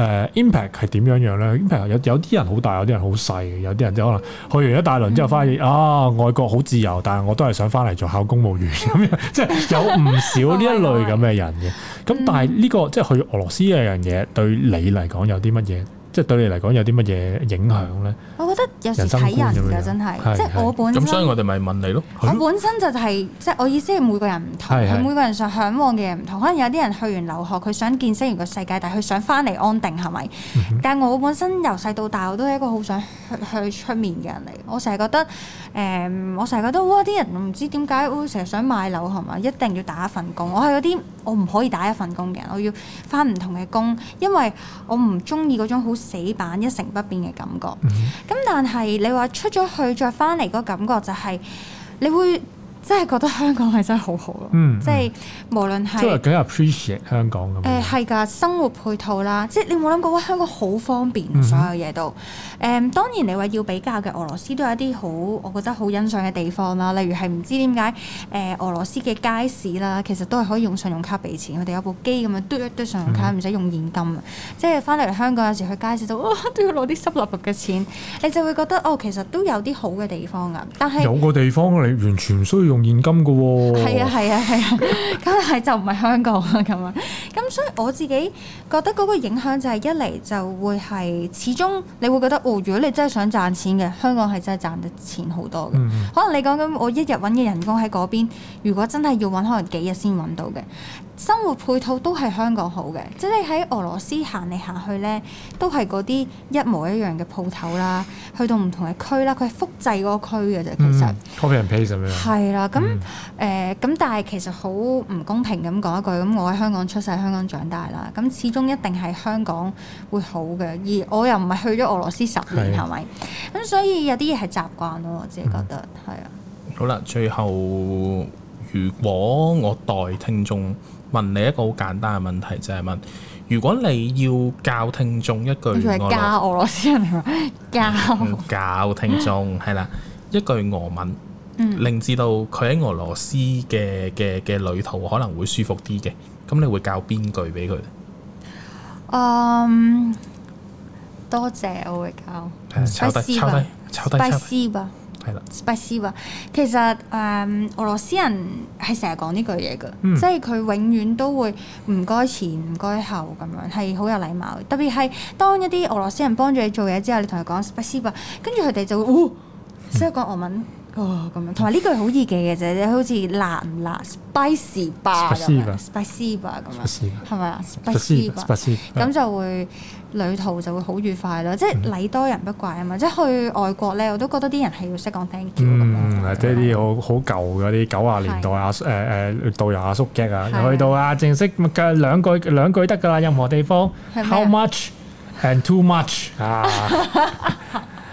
呃、impact 係點樣樣咧？impact，有有啲人好大，有啲人好細嘅，有啲人即係可能去完一大輪之後，發現、嗯、啊，外國好自由，但係我都係想翻嚟做考公務員咁 樣，即係有唔少呢一類咁嘅人嘅。咁、 嗯、但係、呢、呢個即係去俄羅斯一樣嘢對你嚟講有啲乜嘢？即係對你嚟講有啲乜嘢影響咧？我覺得有時睇人㗎，真係，是即係我本身咁，所以我哋咪問你咯。的我本身就係即係我意思係每個人唔同，的每個人想向往嘅嘢唔同。可能有啲人去完留學，佢想見識完個世界，但係佢想翻嚟安定，係咪？嗯、哼但係我本身由細到大，我都係一個好想去去出面嘅人嚟。我成日覺得誒、嗯，我成日覺得哇，啲人唔知點解，成日想買樓係咪？一定要打一份工。我係嗰啲。我唔可以打一份工嘅，我要返唔同嘅工，因為我唔中意嗰種好死板一成不變嘅感覺。咁、嗯、哼但係你話出咗去再返嚟個感覺就係你會。真係覺得香港係真係好好、啊、咯，嗯、即係無論係即係幾 appreciate 香港咁誒係㗎，生活配套啦，即係你冇諗過香港好方便所有嘢都誒，嗯、哼當然你話要比較嘅俄羅斯都有一啲好，我覺得好欣賞嘅地方啦，例如係唔知點解誒俄羅斯嘅街市啦，其實都係可以用信用卡俾錢，佢哋有部機咁樣嘟一嘟信用卡，唔使用，用現金，嗯、哼即係翻嚟香港有時候去街市就、哦、都要攞啲濕漉漉嘅錢，你就會覺得哦，其實都有啲好嘅地方㗎，但係有個地方你完全唔需要。用現金嘅喎，係啊係啊係啊，咁係、啊啊、 就唔係香港啊咁樣。咁 所以我自己覺得嗰個影響就係一嚟就會係始終你會覺得哦，如果你真係想賺錢嘅，香港係真係賺得錢好多嘅，嗯、可能你講緊我一日揾嘅人工喺嗰邊，如果真係要揾可能幾日先揾到嘅。生活配套都係香港好嘅，即係你喺俄羅斯行嚟行去呢，都係嗰啲一模一樣嘅鋪頭啦，去到唔同嘅區啦，佢係複製嗰個區嘅啫。嗯、其實。Copy and paste 咁樣。係啦，咁誒，咁、嗯呃、但係其實好唔公平咁講一句，咁我喺香港出世，香港長大啦，咁始終一定係香港會好嘅，而我又唔係去咗俄羅斯十年，係咪的？咁的所以有啲嘢係習慣咯，我自己覺得係啊。嗯、的好啦，最後如果我代聽眾。問你一個好簡單嘅問題，就係問：如果你要教聽眾一句，佢仲係教俄羅斯人啊？教教聽眾係啦，一句俄文，令至到佢喺俄羅斯嘅嘅嘅旅途可能會舒服啲嘅。咁你會教邊句俾佢呢？嗯，多謝我會教。抄低抄低抄低抄。係啦 спасибо。其實誒、嗯，俄羅斯人係成日講呢句嘢嘅，嗯、即係佢永遠都會唔該前唔該後咁樣，係好有禮貌嘅。特別係當一啲俄羅斯人幫住你做嘢之後，你同佢講 спасибо，跟住佢哋就會哦，所以講、嗯、俄文。哦，咁樣，同埋呢句係好易記嘅啫，好似辣唔辣？Spicy 吧，Spicy 吧，Spicy 吧，咁啊，係咪啊？Spicy，Spicy，咁就會旅途就會好愉快啦。即係禮多人不怪啊嘛。即係去外國咧，我都覺得啲人係要識講 thank you 咁啊。嗯，呢啲好好舊嘅啲九十年代阿誒誒導遊阿叔嘅啊，去到啊正式咪兩句兩句得㗎啦。任何地方，How much and too much 啊。